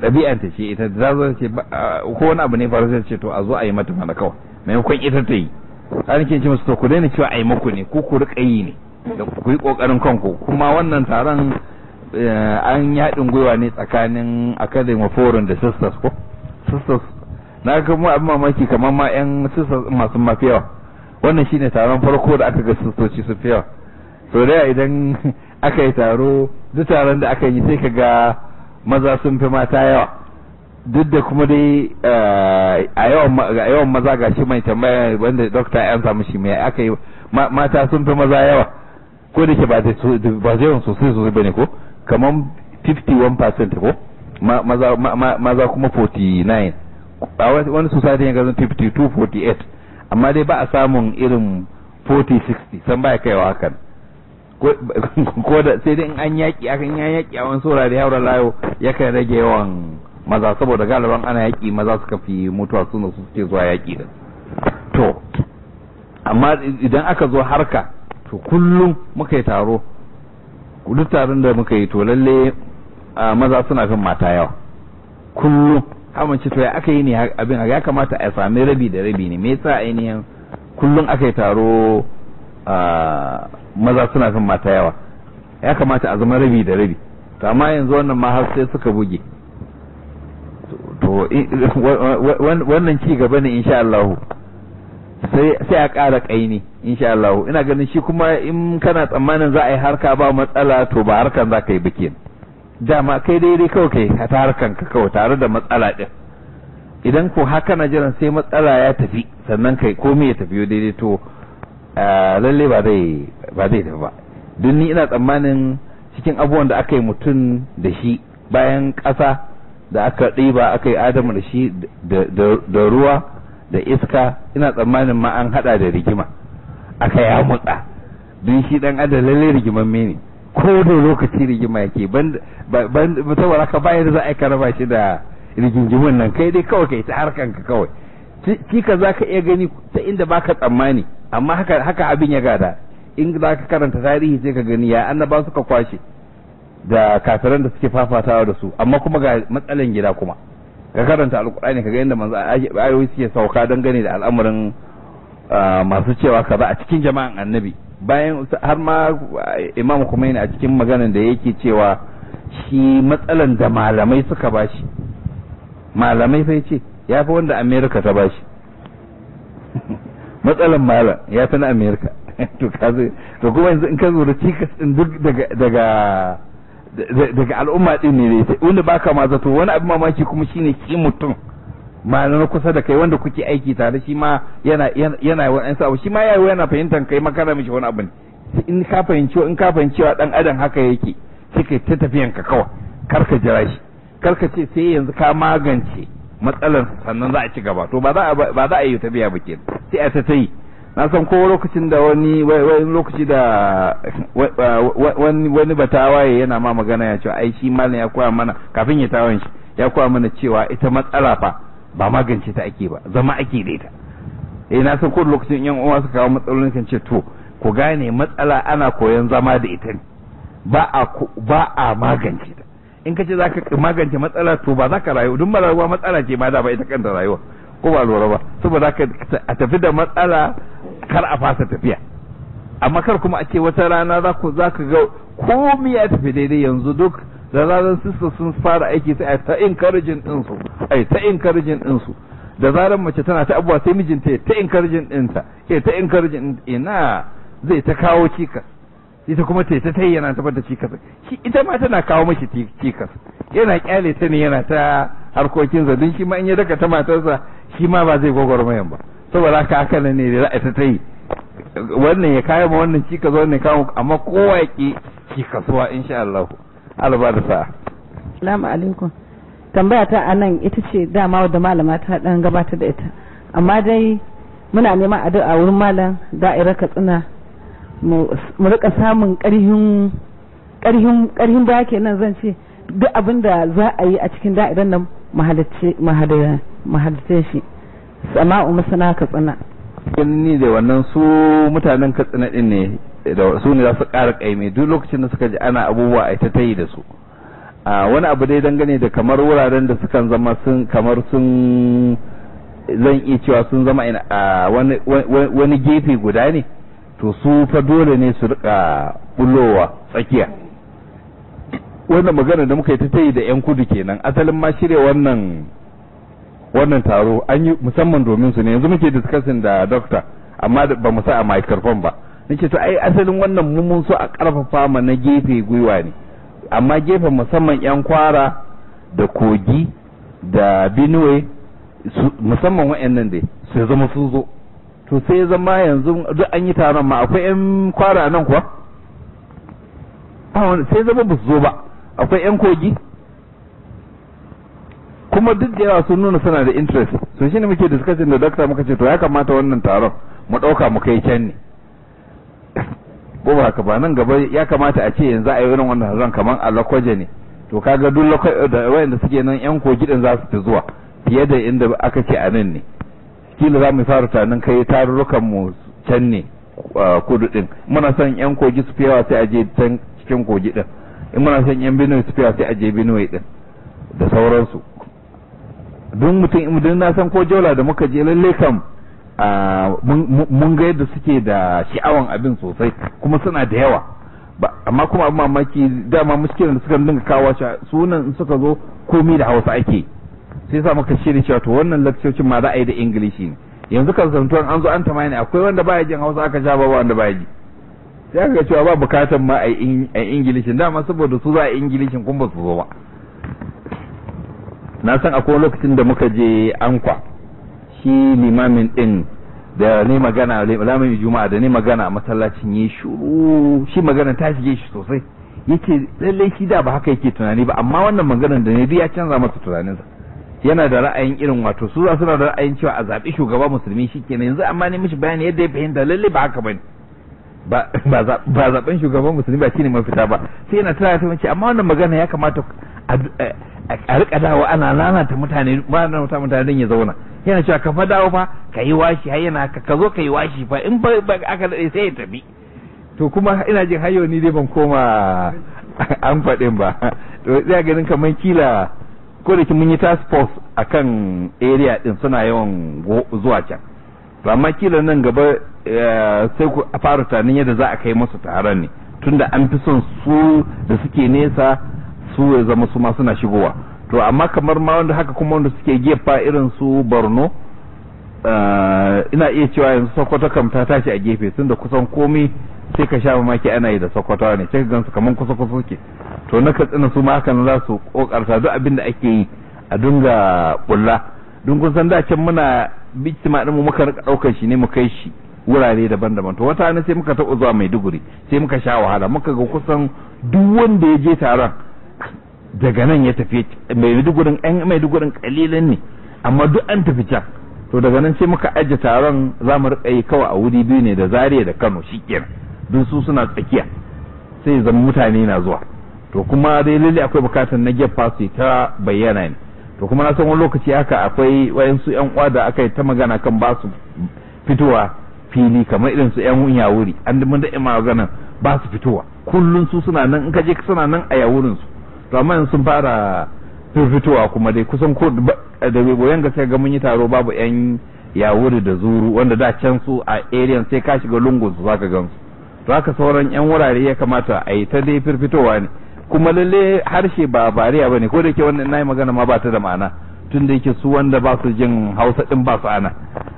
ɗabi'a ta ce ita za zo ce ko wani abu ne faru sai ta ce to a zo a yi mata mana kawai maimakon ita ta yi har ke ce musu to ku daina cewa a yi muku ne ko ku riƙa yi ne da ku yi ƙoƙarin kanku kuma wannan taron eh, an yi haɗin gwiwa ne tsakanin academy forum da sisters ko sisters na ga mu abin mamaki kamar ma 'yan sisters masu mafiyawa wannan shine taron farko da aka ga sistoci su fiyawa to da idan aka yi taro duk taron da aka yi sai ka ga maza sun fi mata yawa duk da kuma dai eh, a yawan maza ga shi mai tambaya wanda dokta ya samu shi mai aka yi mata sun fi maza yawa ko da ke ba ba su yawan sosai sosai bane ko kamar 51% ko maza kuma 49 a wani society ya gazan 52 48 amma dai ba a samun irin 40 60 san ba ya kaiwa hakan ko da sai dai in an yaki akan ya yaki a wani da haura layo kan rage yawan maza saboda galiban ana yaki maza suka fi mutuwa suna su suke zuwa yaki da to amma idan aka zo harka to kullum muka yi taro duk taron da muka yi to lalle maza suna fin mata yawa kullum amince to ya aka yi ne abin ya kamata a sami rabi da rabi ne me yasa ainihin kullum aka yi taro maza suna fin mata yawa ya kamata a zama rabi da rabi to amma yanzu wannan ma har sai suka buge to wannan ci gaba ne insha Allah sai a ƙara ƙaini insha Allah ina ganin shi kuma in kana tsammanin za a yi harka ba matsala to ba harkan za ka yi bikin dama kai daidai kawai kai ta harkan ka kawai tare da matsala din idan ko haka na jiran sai matsala ya tafi sannan kai komai ya tafi daidai to Ah, lalle ba zai ba zai tafi ba duk ni ina tsammanin cikin abubuwan da aka yi mutum da shi bayan ƙasa da aka ɗiba aka yi adamu da shi da ruwa da iska ina tsammanin ma an haɗa da rigima aka ya mutsa don shi ɗan adam lalle rigiman ne ko da lokaci rigima yake ban saboda ka bayar za a yi karaba shi da rigingimin nan kai dai kawai kai ta harkanka kawai kika za ka iya gani ta inda ba ka tsammani amma haka haka abin ya gada in za ka karanta tarihi sai ka gani ya annaba suka kwashe da kafiran da suke fafatawa da su amma kuma ga matsalan gida kuma ka karanta alkur'ani ka ga yadda manzo ayoyi suke sauka gani da al'amarin ah, masu cewa kaza a cikin jama'an annabi bayan har ma eh, imam Khomeini a cikin maganar da yake cewa shi matsalan da malamai suka bashi malamai sai ce ya fi wanda amerika ta ba shi matsalan malam ya fi na amerika to kazi to kuma yanzu in ka zo da cikas din duk daga daga daga al'umma din ne dai wanda baka ma zato wani abin mamaki kuma shine ki mutum ma na kusa da kai wanda kuke aiki tare shi ma yana yana wani abu shi ma yayi yana fahimtar kai makara mishi wani abu ne in ka fahimci in ka fahimci wa dan adam haka yake sai ta tafiyan ka kawai kar ka jira shi kar ka ce sai yanzu ka magance matsalar sannan za a ci gaba to ba za ba za a yi ta biya ba ke sai a ta yi na san ko lokacin da wani wani lokaci da wani wani batawaye yana ma magana ya ce ai shi malam ya koya mana kafin ya tawon shi ya koya mana cewa ita matsala fa ba magance ta ake ba zama ake da ita eh na san ko lokacin yan uwa suka kawo matsalolin kan ce to ku gane matsala ana koyon zama da ita ba a ba a magance in ka ce za ka magance matsala to ba za ka rayu duk mararwa, matsala ce ma da ba ita kanta rayuwa ko ba lura ba saboda ka a tafi da matsala kar a fasa tafiya amma kar kuma a ce wata rana za ku za ka ga komai ya tafi daidai yanzu duk da zaran sista sun fara aiki sai ta encouraging din su ai ta encouraging din su da zaran mace tana ta abuwa sai mijinta ya ta din ɗinta ya ta encouraging ina zai ta kawo cikas ita kuma ta ta tai yana ta cikas ita ma tana kawo mashi cikas yana kyale ta ne yana ta harkokin sa don shi ma in ya daga ta matarsa shi ma ba zai gwagwarmayan ba saboda haka haka nan ne za ta tai wannan ya kawo ma wannan cikas wannan kawo amma kowa ya ki cikasuwa insha Allah alba da sa'a assalamu alaikum tambaya ta anan ita ce dama da malama ta dan gabatar da ita amma dai muna neman addu'a wurin malam da'irar Katsina mu rika samun ƙarhin da ke nan zan ce duk abin da za a yi a cikin da'irar nan mahalarce shi sama'u masana katsina ni da wannan su mutanen katsina din ne da su ne za su ƙara ƙaimi duk lokacin da suka ji ana abubuwa a ta yi da su a wani abu dai dangane da kamar wuraren da sukan zama sun kamar sun zan iya cewa sun zama a wani gefe guda ne to su fa dole ne su rika bulowa tsakiya wannan magana da muka yi ta yi da 'yan kudu kenan asalin ma shirya wannan wannan taro an yi musamman domin su ne yanzu muke diskasin da doctor amma ba mu sa a microphone ba nake to ai asalin wannan mun so a karfafa ma na gefe gwiwa ne amma gefen musamman 'yan kwara da kogi da benue musamman wa'annan dai su zama sun zo to sai zama yanzu duk an yi taron ma akwai yan kwara nan kuwa sai zama ba su zo ba akwai yan kogi kuma duk da yawa sun nuna suna da interest shi ne muke discussion da doctor muka ce to ya kamata wannan taron mu dauka mu kai can ne ko ba haka ba nan gaba ya kamata a ce yanzu a yi irin wannan zan kaman Allah lakwaje ne to kaga duk da wayanda suke nan yan kogi din za su fi zuwa fiye da inda aka ce a nan ne kila za mu fara tunanin kai tarurrukan mu can ne kudu din muna son yan kogi su fiyawa sai a je can cikin kogi din in muna son yan Benue su fiyawa sai a je Benue din da sauransu duk mutum idan na san ko jola da muka je lalle kam mun ga yadda suke da sha'awan abin sosai kuma suna da yawa amma kuma abin mamaki dama muskilin da suka dinga kawo sunan suka zo komi da hausa ake sai sa muka shirya cewa to wannan lakcocin ma za a yi da ingilishi ne yanzu kan zantuwan an zo an tamani akwai wanda baya jin hausa aka sha babu wanda baya ji sai aka cewa ba bukatan ma a ingilishin dama saboda su za a ingilishin kuma ba su zo ba na san akwai lokacin da muka je ankwa shi limamin din da ne magana limamin juma'a da ne magana a masallacin ya shuru shi magana ta shige shi sosai yake lallai shi da ba haka yake tunani ba amma wannan maganar da ne ya canza masa tunaninsa yana da ra'ayin irin wato su za suna da ra'ayin cewa a zaɓi shugaba musulmi kenan yanzu amma ne mishi bayani yadda ya fahimta lalle ba haka bane ba zaɓen shugaban musulmi ba shine mafita ba sai yana tana ta mace amma wannan magana ya kamata a rika dawo ana lalata mutane ba na mutane don ya zauna yana cewa ka fa dawo fa ka yi washi har yana ka zo ka yi washi fa in ba aka daɗe sai ya tafi to kuma ina jin hayo ni dai ban koma an faɗin ba to ina ganin kamar kila ko da mun yi task force a kan area din suna yawan zuwa can to amma kila nan gaba eh, sai ku fara tunanin yadda za a kai musu taron ne tunda an fi son su da suke nesa su ya zama su ma suna shigowa to amma kamar ma wanda haka kuma wanda suke gefa irin su borno eh, ina iya cewa yanzu sokoto kam ta tashi a gefe tunda kusan komai sai ka sha mamaki ana yi da sokoto ne sai ka gansu kamar kusa kusa suke to na katsina su ma haka za su kokarta duk abin da ake yi a dinga bulla don kun san da can muna bijtima din mu muka rika daukar shi ne mu kai shi wurare daban-daban to wata ne sai muka taɓa zuwa Maiduguri sai muka sha wahala muka ga kusan duk wanda ya je taron daga nan ya tafi Maidugurin ɗan Maidugurin kalilan ne amma duk an tafi can to daga nan sai muka ajiye taron za mu rika yi kawai a wuri biyu ne da Zaria da Kano shikenan dun su suna tsakiya sai zama mutane na zuwa to kuma dai lalle akwai bukatar na gefa su ta bayyana ne to kuma na san wani lokaci haka akwai wayansu yan uwa da aka yi ta magana kan ba su fitowa fili kamar irin su yan yawuri an da mun da magana ba su fitowa kullun su suna nan in ka je suna nan a yawurin su to amma yanzu sun fara fitowa kuma dai kusan ko da boyan gaskiya ga mun yi taro babu yan yawuri da zuru wanda da can su a area sai ka shiga lungun su zaka gansu to haka sauran yan wurare ya kamata a yi ta dai firfitowa ne kuma lalle harshe ba bariya bane ko da ke wannan nayi magana ma ba ta da ma'ana tun da yake su wanda ba su jin Hausa din ba su ana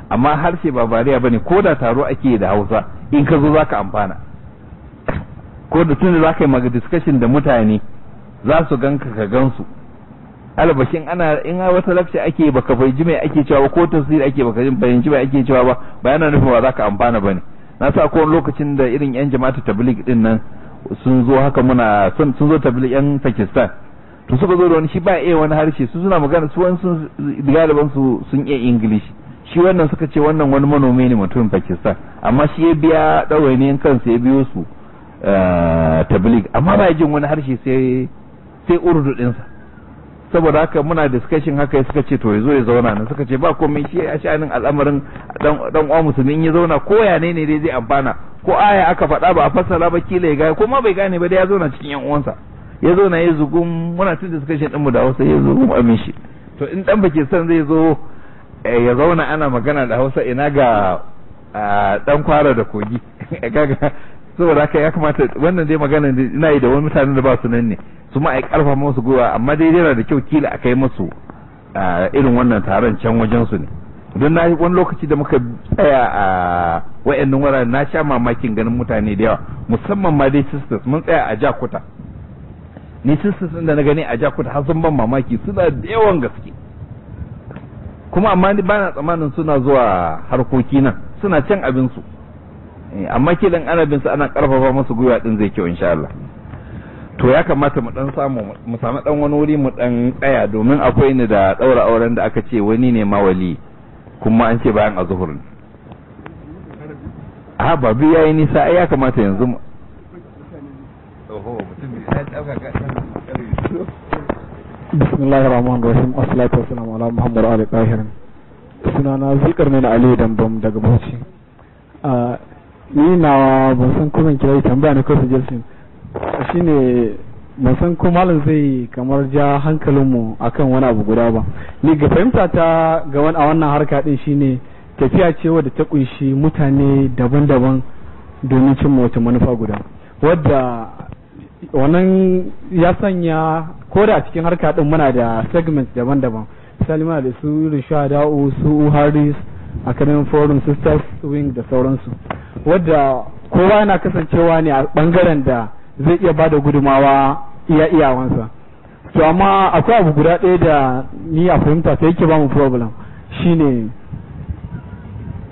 amma harshe ba bariya bane ko da taro ake da Hausa in ka zo zaka amfana ko da tun da zaka yi maga discussion da mutane za su ganka ka gansu albashin ana in wata lafce ake baka fahimci mai ake cewa ko tafsir ake baka fahimci mai ake cewa ba ba yana nufin ba zaka amfana bane na sa ko lokacin da irin yan jama'a tabligh din nan sun zo haka muna sun zo tafi yan Pakistan to suka zo da wani shi ba iya wani harshe su suna magana su wani sun galiban su sun iya English shi wannan suka ce wannan wani manomi ne mutumin Pakistan amma shi ya biya ɗawainiyan kansa ya biyo su eh, tabligh amma ba jin wani harshe sai sai urdu ɗinsa saboda haka muna discussion haka suka ce to ya ya zauna nan suka ce ba komai shi a sha'anin al'amarin dan uwa musulmi ya zauna ko ya ne ne dai zai amfana ko aya aka faɗa ba a fassara ba kila ya gane ko ma bai gane ba dai ya zo na cikin yan uwansa ya zo ya zugun muna suka discussion din mu da Hausa ya zo mu amin shi to in dan bake san zai zo eh, ya zauna ana magana da Hausa ina ga dan kwara da kogi kaga saboda haka ya kamata wannan dai magana ina yi da wani mutanen da ba su nan ne su ma ai karfa musu gwiwa amma dai yana da kyau kila a kai musu irin wannan taron can wajen su ne don na wani lokaci da muka tsaya a wayannan wuraren na sha mamakin ganin mutane da yawa musamman ma dai sisters mun tsaya a jakuta ni sisters din da na gani a jakuta har sun ban mamaki suna da yawan gaske kuma amma ni bana tsammanin suna zuwa harkoki nan suna cin abinsu eh, amma kilan ana bin su ana karfafa masu gwiwa din zai kyau insha Allah to ya kamata mu dan samu mu samu dan wani wuri mu dan tsaya domin akwai ni da daura auren da aka ce wani ne mawali kuma an ce bayan azuhur ne a ba biyu yayi nisa ai ya kamata yanzu ma bismillahir rahmanir rahim assalatu wassalamu ala muhammad ali suna na zikar ne na ali dambam daga bauchi a ni na ban san kuma kirai tambaya ne ko su suggestion shine san ko malam zai kamar ja hankalinmu akan wani abu guda ba ni ga fahimta ta ga a wannan harka din shine tafiya ce wadda ta ƙunshi mutane daban-daban domin cimma wata manufa guda wadda wannan ya sanya ko da cikin harka din muna da segment daban-daban misali da su rishada'u su haris academic forum sisters wing da sauransu wadda kowa yana kasancewa ne a ɓangaren da zai iya bada gudumawa iya iyawansa to amma akwai abu guda ɗaya da ni a fahimta ta yake bamu problem shine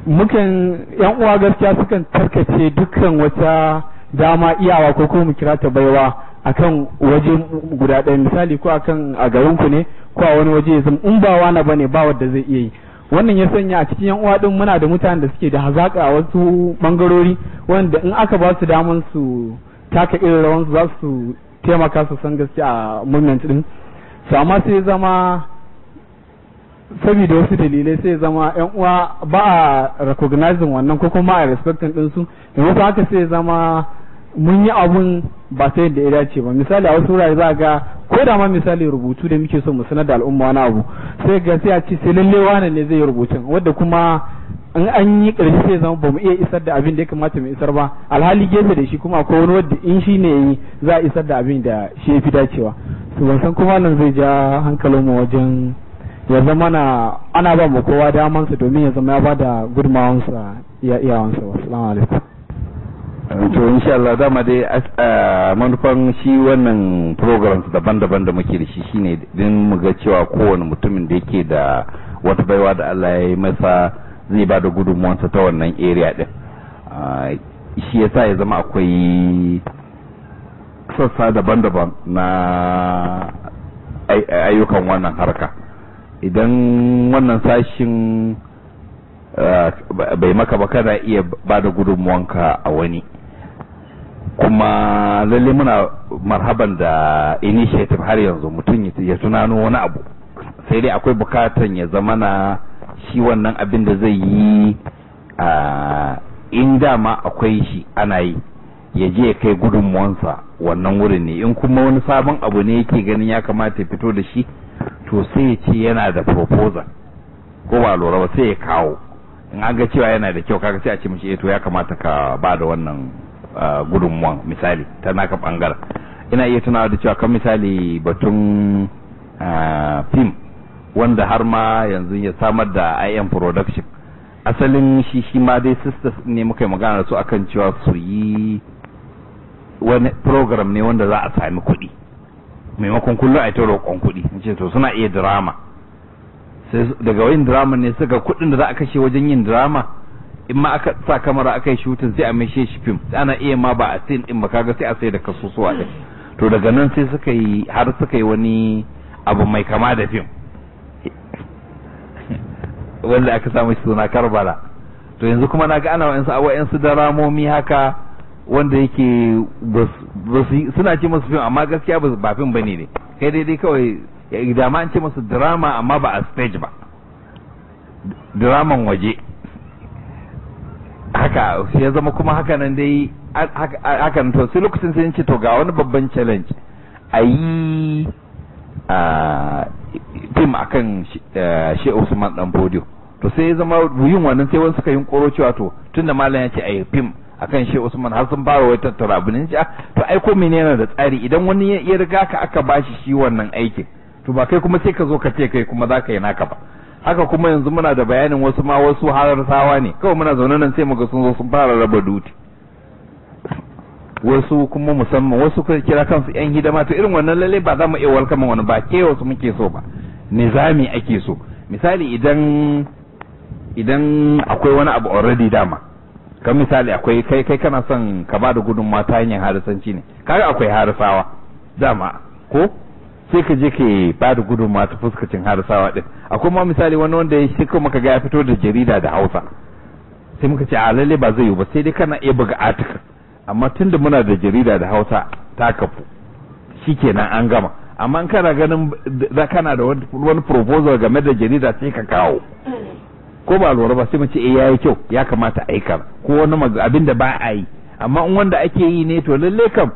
mukan yan uwa gaskiya sukan tarkace dukkan wata dama iyawa ko kuma mu kira ta baiwa akan waje guda ɗaya misali ko akan a garinku ne ko a wani waje zan in ba wani bane ba wanda zai iya yi wannan ya sanya a cikin yan uwa din muna da mutanen da suke da hazaka a wasu bangarori wanda in aka ba su daman su taka irin rawan za su taimaka su san gaske a murnan din su amma sai zama saboda wasu dalilai sai zama yan uwa ba a recognizing wannan ko kuma a respecting din su yanzu haka sai zama mun yi abun ba sai da ya dace ba misali a wasu wurare za ga ko da ma misali rubutu da muke so mu sanar da al'umma wani abu sai ga sai a ce sai lalle wani ne zai yi rubutun wanda kuma in an yi ƙarshe sai zama ba mu iya isar da abin da ya kamata mu isar ba alhali gefe da shi kuma akwai wani wadda in shi ne yi za a isar da abin da shi ya fi dacewa su ban san kuma nan zai ja hankalin mu wajen ya zama na ana ba mu kowa su domin ya zama ya ba da gudunmawansa ya iyawansa alaikum insha Allah dama dai manufan shi wannan program daban-daban da muke da shi shine din mu ga cewa kowane mutumin da yake da wata baiwa da Allah ya yi masa zai ba da gudunmuwansa ta wannan area din ah, shi ya sa ya zama akwai sassa daban-daban na ayyukan wannan harka idan wannan sashin ah, bai maka ba kana iya ba da gudunmuwanka a wani kuma lalle muna marhaban da initiative har yanzu mutum ya tunano wani abu sai dai akwai bukatan ya zama na shi wannan abin da zai yi in dama akwai shi ana yi ya je ya kai gudunmuwansa wannan wurin ne in kuma wani sabon abu ne yake ganin ya kamata ya fito da shi to sai ya ce yana da proposal ko ba lura ba sai ya kawo in an ga cewa yana da kyau kaga sai a ce mishi eh to ya kamata ka ba da wannan gudunmuwan misali ta naka bangaren ina iya tunawa da cewa kan misali batun fim wanda har ma yanzu ya samar da IM production asalin shi shi ma dai sisters ne muka yi magana da su akan cewa su yi wani program ne wanda za a sami kuɗi maimakon kullum a yi ta roƙon kuɗi ce to suna iya drama sai daga wayin drama ne suka kuɗin da za a kashe wajen yin drama in ma aka sa kamera aka yi shooting sai a mai shi film ana iya ma ba a sin in baka ga sai a sai da kasusuwa ɗin to daga nan sai suka yi har suka yi wani abu mai kama da fim. wanda aka samu shi suna karbala to yanzu kuma naga ana wa'ansu wa'ansu daramomi haka wanda yake suna ce masu fim amma gaskiya ba fim bane ne kai daidai kawai dama an ce masu drama amma ba a stage ba draman waje haka ya zama kuma haka nan dai haka to sai lokacin sai ce to ga wani babban challenge a yi a fim akan shi eh, Usman dan Bodio to sai ya zama yin wannan sai wani suka yin koro cewa to tunda malam ya ce ai fim akan shi Usman har sun fara wata tattara abin ja ah, to ai ko menene da tsari idan wani ya riga ka aka bashi shi wannan aikin to ba kai kuma sai ka zo ka ce kai kuma za ka yi naka ba haka kuma yanzu muna da bayanin wasu ma wasu sawa ne kawai muna zaune nan sai muga sun zo sun fara raba duti wasu kuma musamman wasu kira kansu yan hidama to irin wannan lalle ba za mu iya walkama wani ba ke wasu muke so ba nizami ake so misali idan idan akwai wani abu already dama kan misali akwai kai kai kana son ka ba da gudun ta hanyar harisanci ne kaga akwai harisawa dama ko sai ka je ka ba da gudun ta fuskacin harisawa din akwai ma misali wani wanda ya shi kuma kaga ya fito da jarida da hausa sai muka ce a lalle ba zai yi ba sai dai kana iya buga article amma tunda muna da jarida da hausa ta kafu shikenan an gama amma kana ganin za kana da wani proposal game da jarida sai ka kawo ko ba lura ba sai mu ce eh yayi kyau ya kamata a yi kam ko wani abin da ba a yi amma in wanda ake yi ne to lalle kam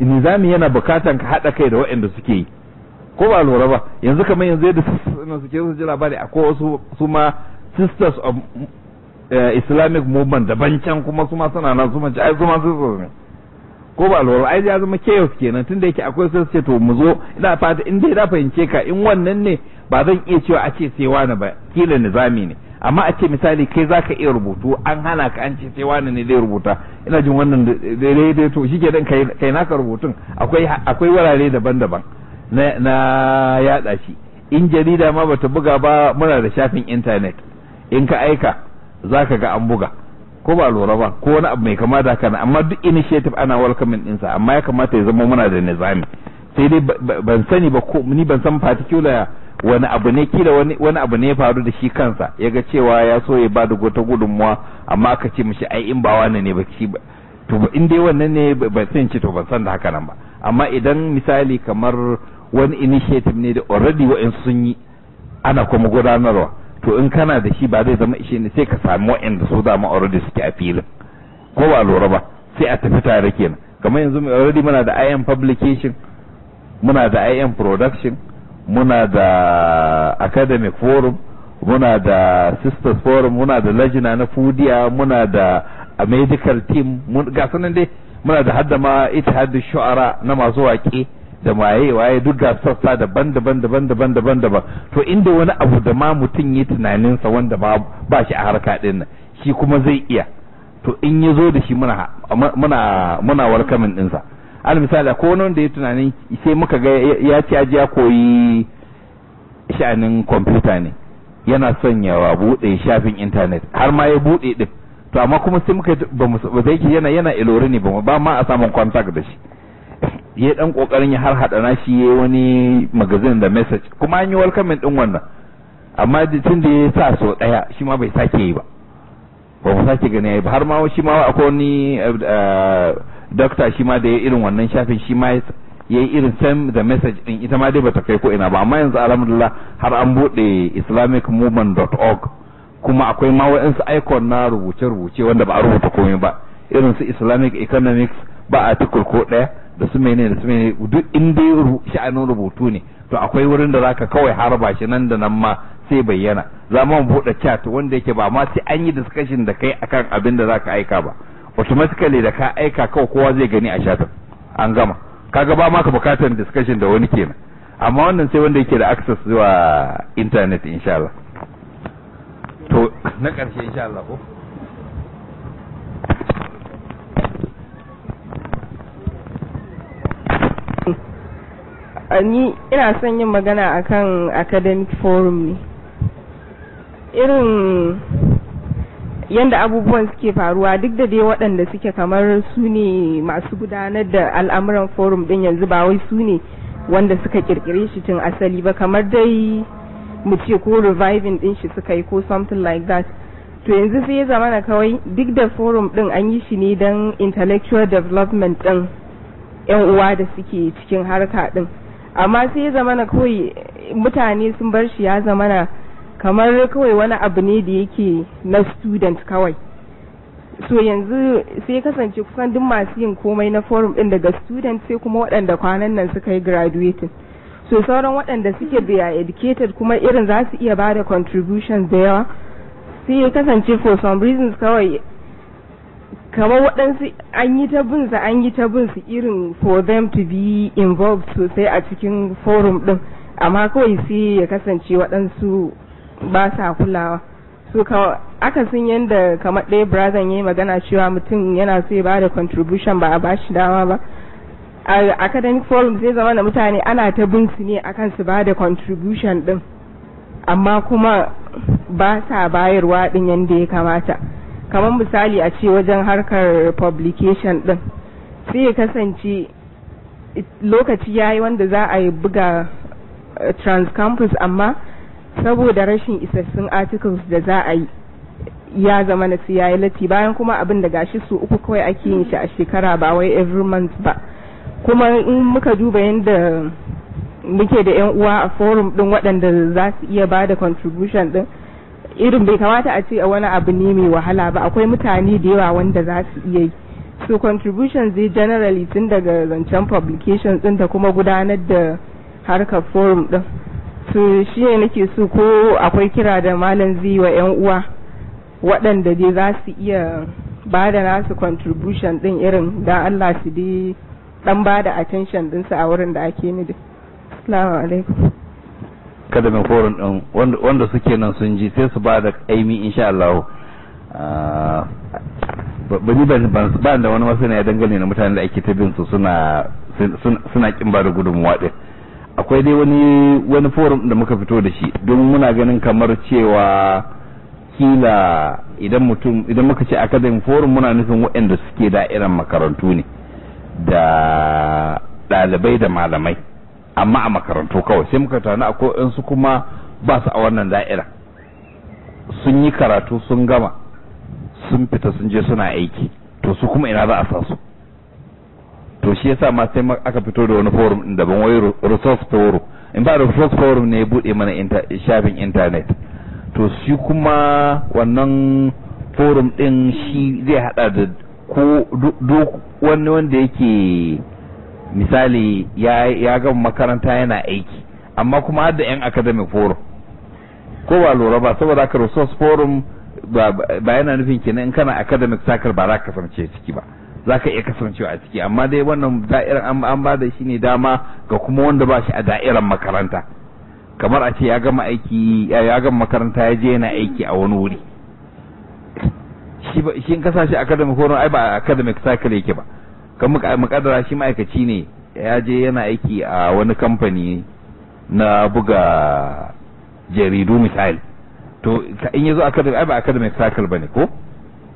nizami yana bukatan ka haɗa kai da waɗanda suke yi ko ba lura ba yanzu kamar yanzu yadda suke su ji labari akwai wasu su ma sisters of islamic movement daban can kuma su ma suna nan su ma ai su ma ko ba alwala ai ya zama chaos kenan tunda yake akwai sai ce to mu zo ina fata in dai na fahimce ka in wannan ne ba zan iya cewa a ce sai wani ba kila nizami ne amma a ce misali kai zaka iya rubutu an hana ka an ce sai wani ne zai rubuta ina jin wannan daidai to shi dan kai kai naka rubutun akwai akwai wurare daban-daban na na yada shi in jarida ma bata buga ba muna da shafin intanet in ka aika zaka ga an buga ko ba lura ba ko wani abu mai kama da haka amma duk initiative ana welcoming sa amma ya kamata ya zama muna da nizami sai dai ban sani ba ko ni ban san particular wani abu ne kila wani wani abu ne ya faru da shi kansa ya ga cewa ya so ya ba da gota gudunmuwa amma aka ce mishi ai in ba wani ne ba shi ba to in dai wannan ne ba san ce to ban san da haka nan ba amma idan misali kamar wani initiative ne da already wa'in sun yi ana kuma gudanarwa to in kana da shi ba zai zama ishe ne sai ka samu wa'anda su da ma already suke a filin ko ba lura ba sai a tafi tare kenan kamar yanzu already muna da IM publication muna da IM production muna da academic forum muna da sisters forum muna da lajina na fudiya muna da a medical team ga sanan dai muna da hadda ma ita hadda shu'ara na masu waƙe da waye waye duk ga sassa daban daban daban daban daban daban to inda wani abu da ma mutum yi sa wanda ba ba shi a harka din nan shi kuma zai iya to in ya zo da shi muna muna muna din dinsa al misali ko wani wanda ya tunanin sai muka ga ya ci aji ya koyi sha'anin kwamfuta ne yana son ya buɗe shafin intanet har ma ya buɗe din to amma kuma sai muka ba mu zai yana yana ilori ne ba ma a samun contact da shi ya dan kokarin ya harhaɗa na shi ya wani magazin da message kuma an yi welcoming din wannan amma tun da ya sa so daya shi ma bai sake yi ba ba mu sake gani ba har ma shi ma akwai wani eh, doctor shi ma da ya irin wannan shafin shi ma ya yi irin same the message din ita ma dai bata kai ko ina ba amma yanzu alhamdulillah har an buɗe islamicmovement.org kuma akwai ma wa'insu icon na rubuce-rubuce wanda ba a rubuta komai ba irin su islamic economics ba article ko ɗaya da su menene da su menene duk in dai sha'anin rubutu ne to akwai wurin da zaka kawai harba shi nan da nan ma sai bayyana za mu buɗe chat wanda yake ba ma sai an yi discussion da kai akan abin da zaka aika ba automatically da ka aika kawai kowa zai gani a chatin an gama kaga ba ma ka bukatar discussion da wani kenan amma wannan sai wanda yake da access zuwa internet insha Allah to na ƙarshe insha Allah ko Eh, ni ina son yin magana akan academic forum ne irin yadda abubuwan suke faruwa duk da dai waɗanda suke kamar su ne masu gudanar da al'amuran forum ɗin yanzu ba wai su ne wanda suka kirkire shi tun asali ba kamar dai mu ce ko reviving ɗin shi suka yi ko something like that to yanzu sai ya zama na kawai duk da forum ɗin an yi shi ne don intellectual development ɗin 'yan uwa da suke cikin harka ɗin amma sai ya zamana kawai mutane sun bar shi ya zamana kamar kawai wani abu ne da yake na student kawai so yanzu sai kasance kusan duk masu yin komai na forum din daga student sai kuma waɗanda kwanan nan suka yi graduating so sauran waɗanda suke biya educated kuma irin za su iya ba da contributions da yawa sai kasance for some reasons kawai kamar waɗansu an yi ta bin su an yi ta bin su irin for them to be involved sosai a cikin forum ɗin amma kawai sai ya kasance waɗansu ba sa kulawa so aka sun yadda kamar ɗaya brazan ya yi magana cewa mutum yana so ya bada contribution ba a bashi dama ba a academic forum zai zama da mutane ana ta bin su ne akan su bada contribution ɗin amma kuma ba sa bayarwa ɗin yadda ya kamata kamar misali a ce wajen harkar publication din sai ya kasance lokaci ya yi wanda za a yi buga eh, transcampus amma saboda rashin isassun articles da za a yi ya zama na ya yi latti bayan kuma abin da gashi su uku kawai ake yin shi a shekara ba wai every month ba kuma in muka duba yadda muke da yan uwa a forum din waɗanda za su iya ba da contribution din irin bai kamata a ce a wani abu ne mai wahala ba akwai mutane da yawa wanda za su iya yi so contribution zai generally tun daga zancen publications din da kuma gudanar da harkar forum din so shi ne nake so ko akwai kira da malam zai wa yan uwa waɗanda dai za su iya ba da nasu contribution din irin da Allah su dai dan ba da attention dinsu a wurin da ake nidi. Assalamu alaikum. kada mai forum din wanda suke nan sun ji sai su ba da aimi insha Allah ah, ba ni ban da wani masu ne dangane na mutane da ake ta su suna suna kin ba da gudunmuwa din akwai dai wani wani forum da muka fito da shi don muna ganin kamar cewa kila idan mutum idan muka ce academic forum muna nufin waɗanda suke da irin makarantu ne da ɗalibai da malamai amma a makarantu kawai sai muka tana ko in su kuma ba su a wannan da'ira sun yi karatu sun gama sun fita sun je suna aiki to su kuma ina za a sa su to shi yasa ma sai aka fito da wani forum da ban wai resource forum in ba resource forum ne ya bude mana shafin internet to shi kuma wannan forum din shi zai hada da ko duk wani wanda yake misali ya ya gama makaranta yana aiki amma kuma har da yan academic forum ko ba lura ba saboda ka resource forum ba yana nufin kenan in kana academic sakar ba za ka kasance ciki ba za ka iya kasancewa a ciki amma dai wannan da'irar an ba da shi ne dama ga kuma wanda ba shi a da'irar makaranta kamar a ce ya gama aiki ya gama makaranta ya je yana aiki a wani wuri shi in kasashe academic forum ai ba academic cycle yake ba kan makadara shi ma'aikaci ne ya je yana aiki a wani kamfani na buga jaridu misali to in yazo academic ai ba academic cycle bane ko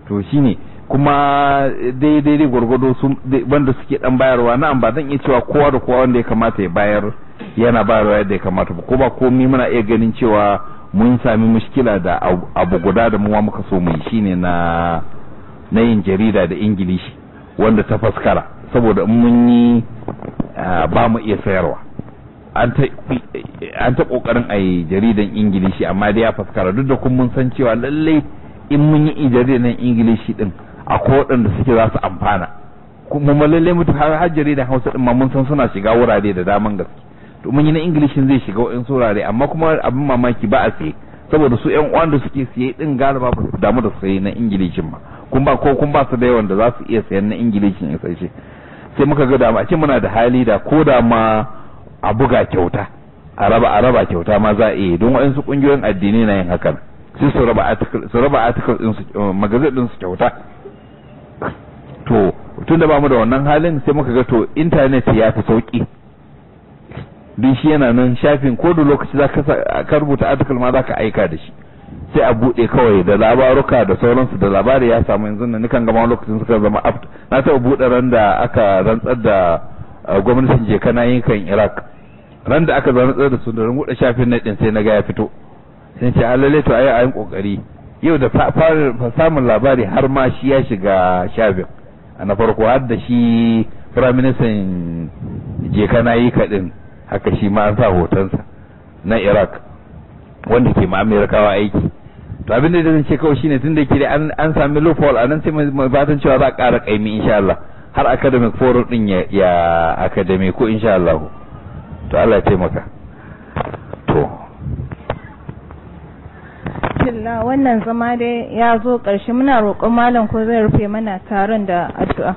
to shine kuma daidai dai gwargwado su wanda suke dan bayarwa na'am ba zan iya cewa kowa da kowa wanda ya kamata ya bayar yana bayarwa yadda ya kamata ba ko ba komai muna iya ganin cewa mun sami mushkila da abu guda da muwa muka so mu shine na na yin jarida da ingilishi wanda ta faskara saboda mun yi ba mu iya sayarwa an ta kokarin a jaridan ingilishi amma dai ya faskara duk da kun mun san cewa lallai in mun yi jaridan ingilishi din akwai waɗanda suke za su amfana kuma mu lallai mutu har jaridan hausa din ma mun san suna shiga wurare da daman gaske to mun yi na ingilishin zai shiga wa'in wurare amma kuma abin mamaki ba a saboda su yan uwan da suke siye din galiba ba su damu da su na ingilishin ba kun ba ko kun ba su da yawan da za su iya sayan na ingilishin ya sai sai muka ga dama ce muna da hali da ko da ma a buga kyauta a raba a raba kyauta ma za a iya don waɗansu ƙungiyoyin addini na yin hakan sai su raba article su raba article din su eh, magazin din su kyauta to tunda ba mu da wannan halin sai muka ga to internet ya fi sauki duk shi yana nan shafin ko da lokaci za ka rubuta article ma za ka aika da shi sai a bude kawai da labaruka da sauransu da labari ya samu yanzu nan nikan gama lokacin suka zama apt na taɓa bude ran da aka rantsar da uh, gwamnatin jeka na yankan iraq ran da aka rantsar da su da ran shafin na ɗin sai na ga ya fito sai ce alale ah, to ayi ayin kokari yau da samun labari har ma shi ya shiga shafin a na farko har da shi firaministan jeka na yi kaɗin haka shi ma an sa hotonsa na iraq wanda ke ma aiki to abin da zan ce kawai shine tunda ke da an sami loophole a nan sai mai fatan cewa za a ƙara ƙaimi insha Allah har academic forum din ya ya academy ko insha Allah to Allah ya taimaka to wannan zama dai ya zo ƙarshe muna roƙon malam ko zai rufe mana taron da addu'a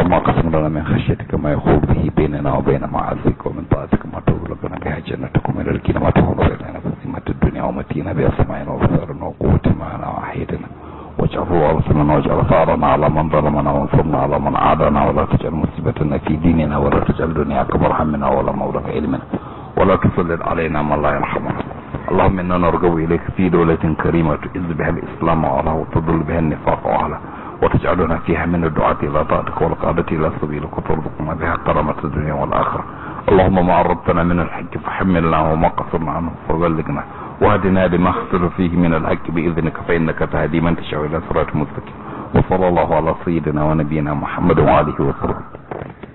اللهم اقسم لنا من خشيتك ما يخوض به بيننا وبين معاذك ومن طاعتك ما تبلغنا بها جنتك ومن الكين ما تحول بيننا فزيمة الدنيا ومتينا بأسمائنا وبصرنا وقوتنا معنا وحيدنا واجعل ورثنا واجعل ثارنا على من ظلمنا وانصرنا على من عادنا ولا تجعل مصيبتنا في ديننا ولا تجعل الدنيا اكبر همنا ولا مبلغ علمنا ولا تسلط علينا من لا يرحمنا اللهم انا نرجو اليك في دولة كريمة تعز بها الاسلام وعلى وتضل بها النفاق وعلى وتجعلنا فيها من الدعاة إلى طاعتك والقادة إلى سبيلك وترزقنا بها كرامة الدنيا والآخرة اللهم ما عرضتنا من الحج فحملنا وما قصرنا عنه فبلغنا واهدنا لما خسر فيه من الحج بإذنك فإنك تهدي من تشاء إلى صراط مستقيم وصلى الله على سيدنا ونبينا محمد وآله وصحبه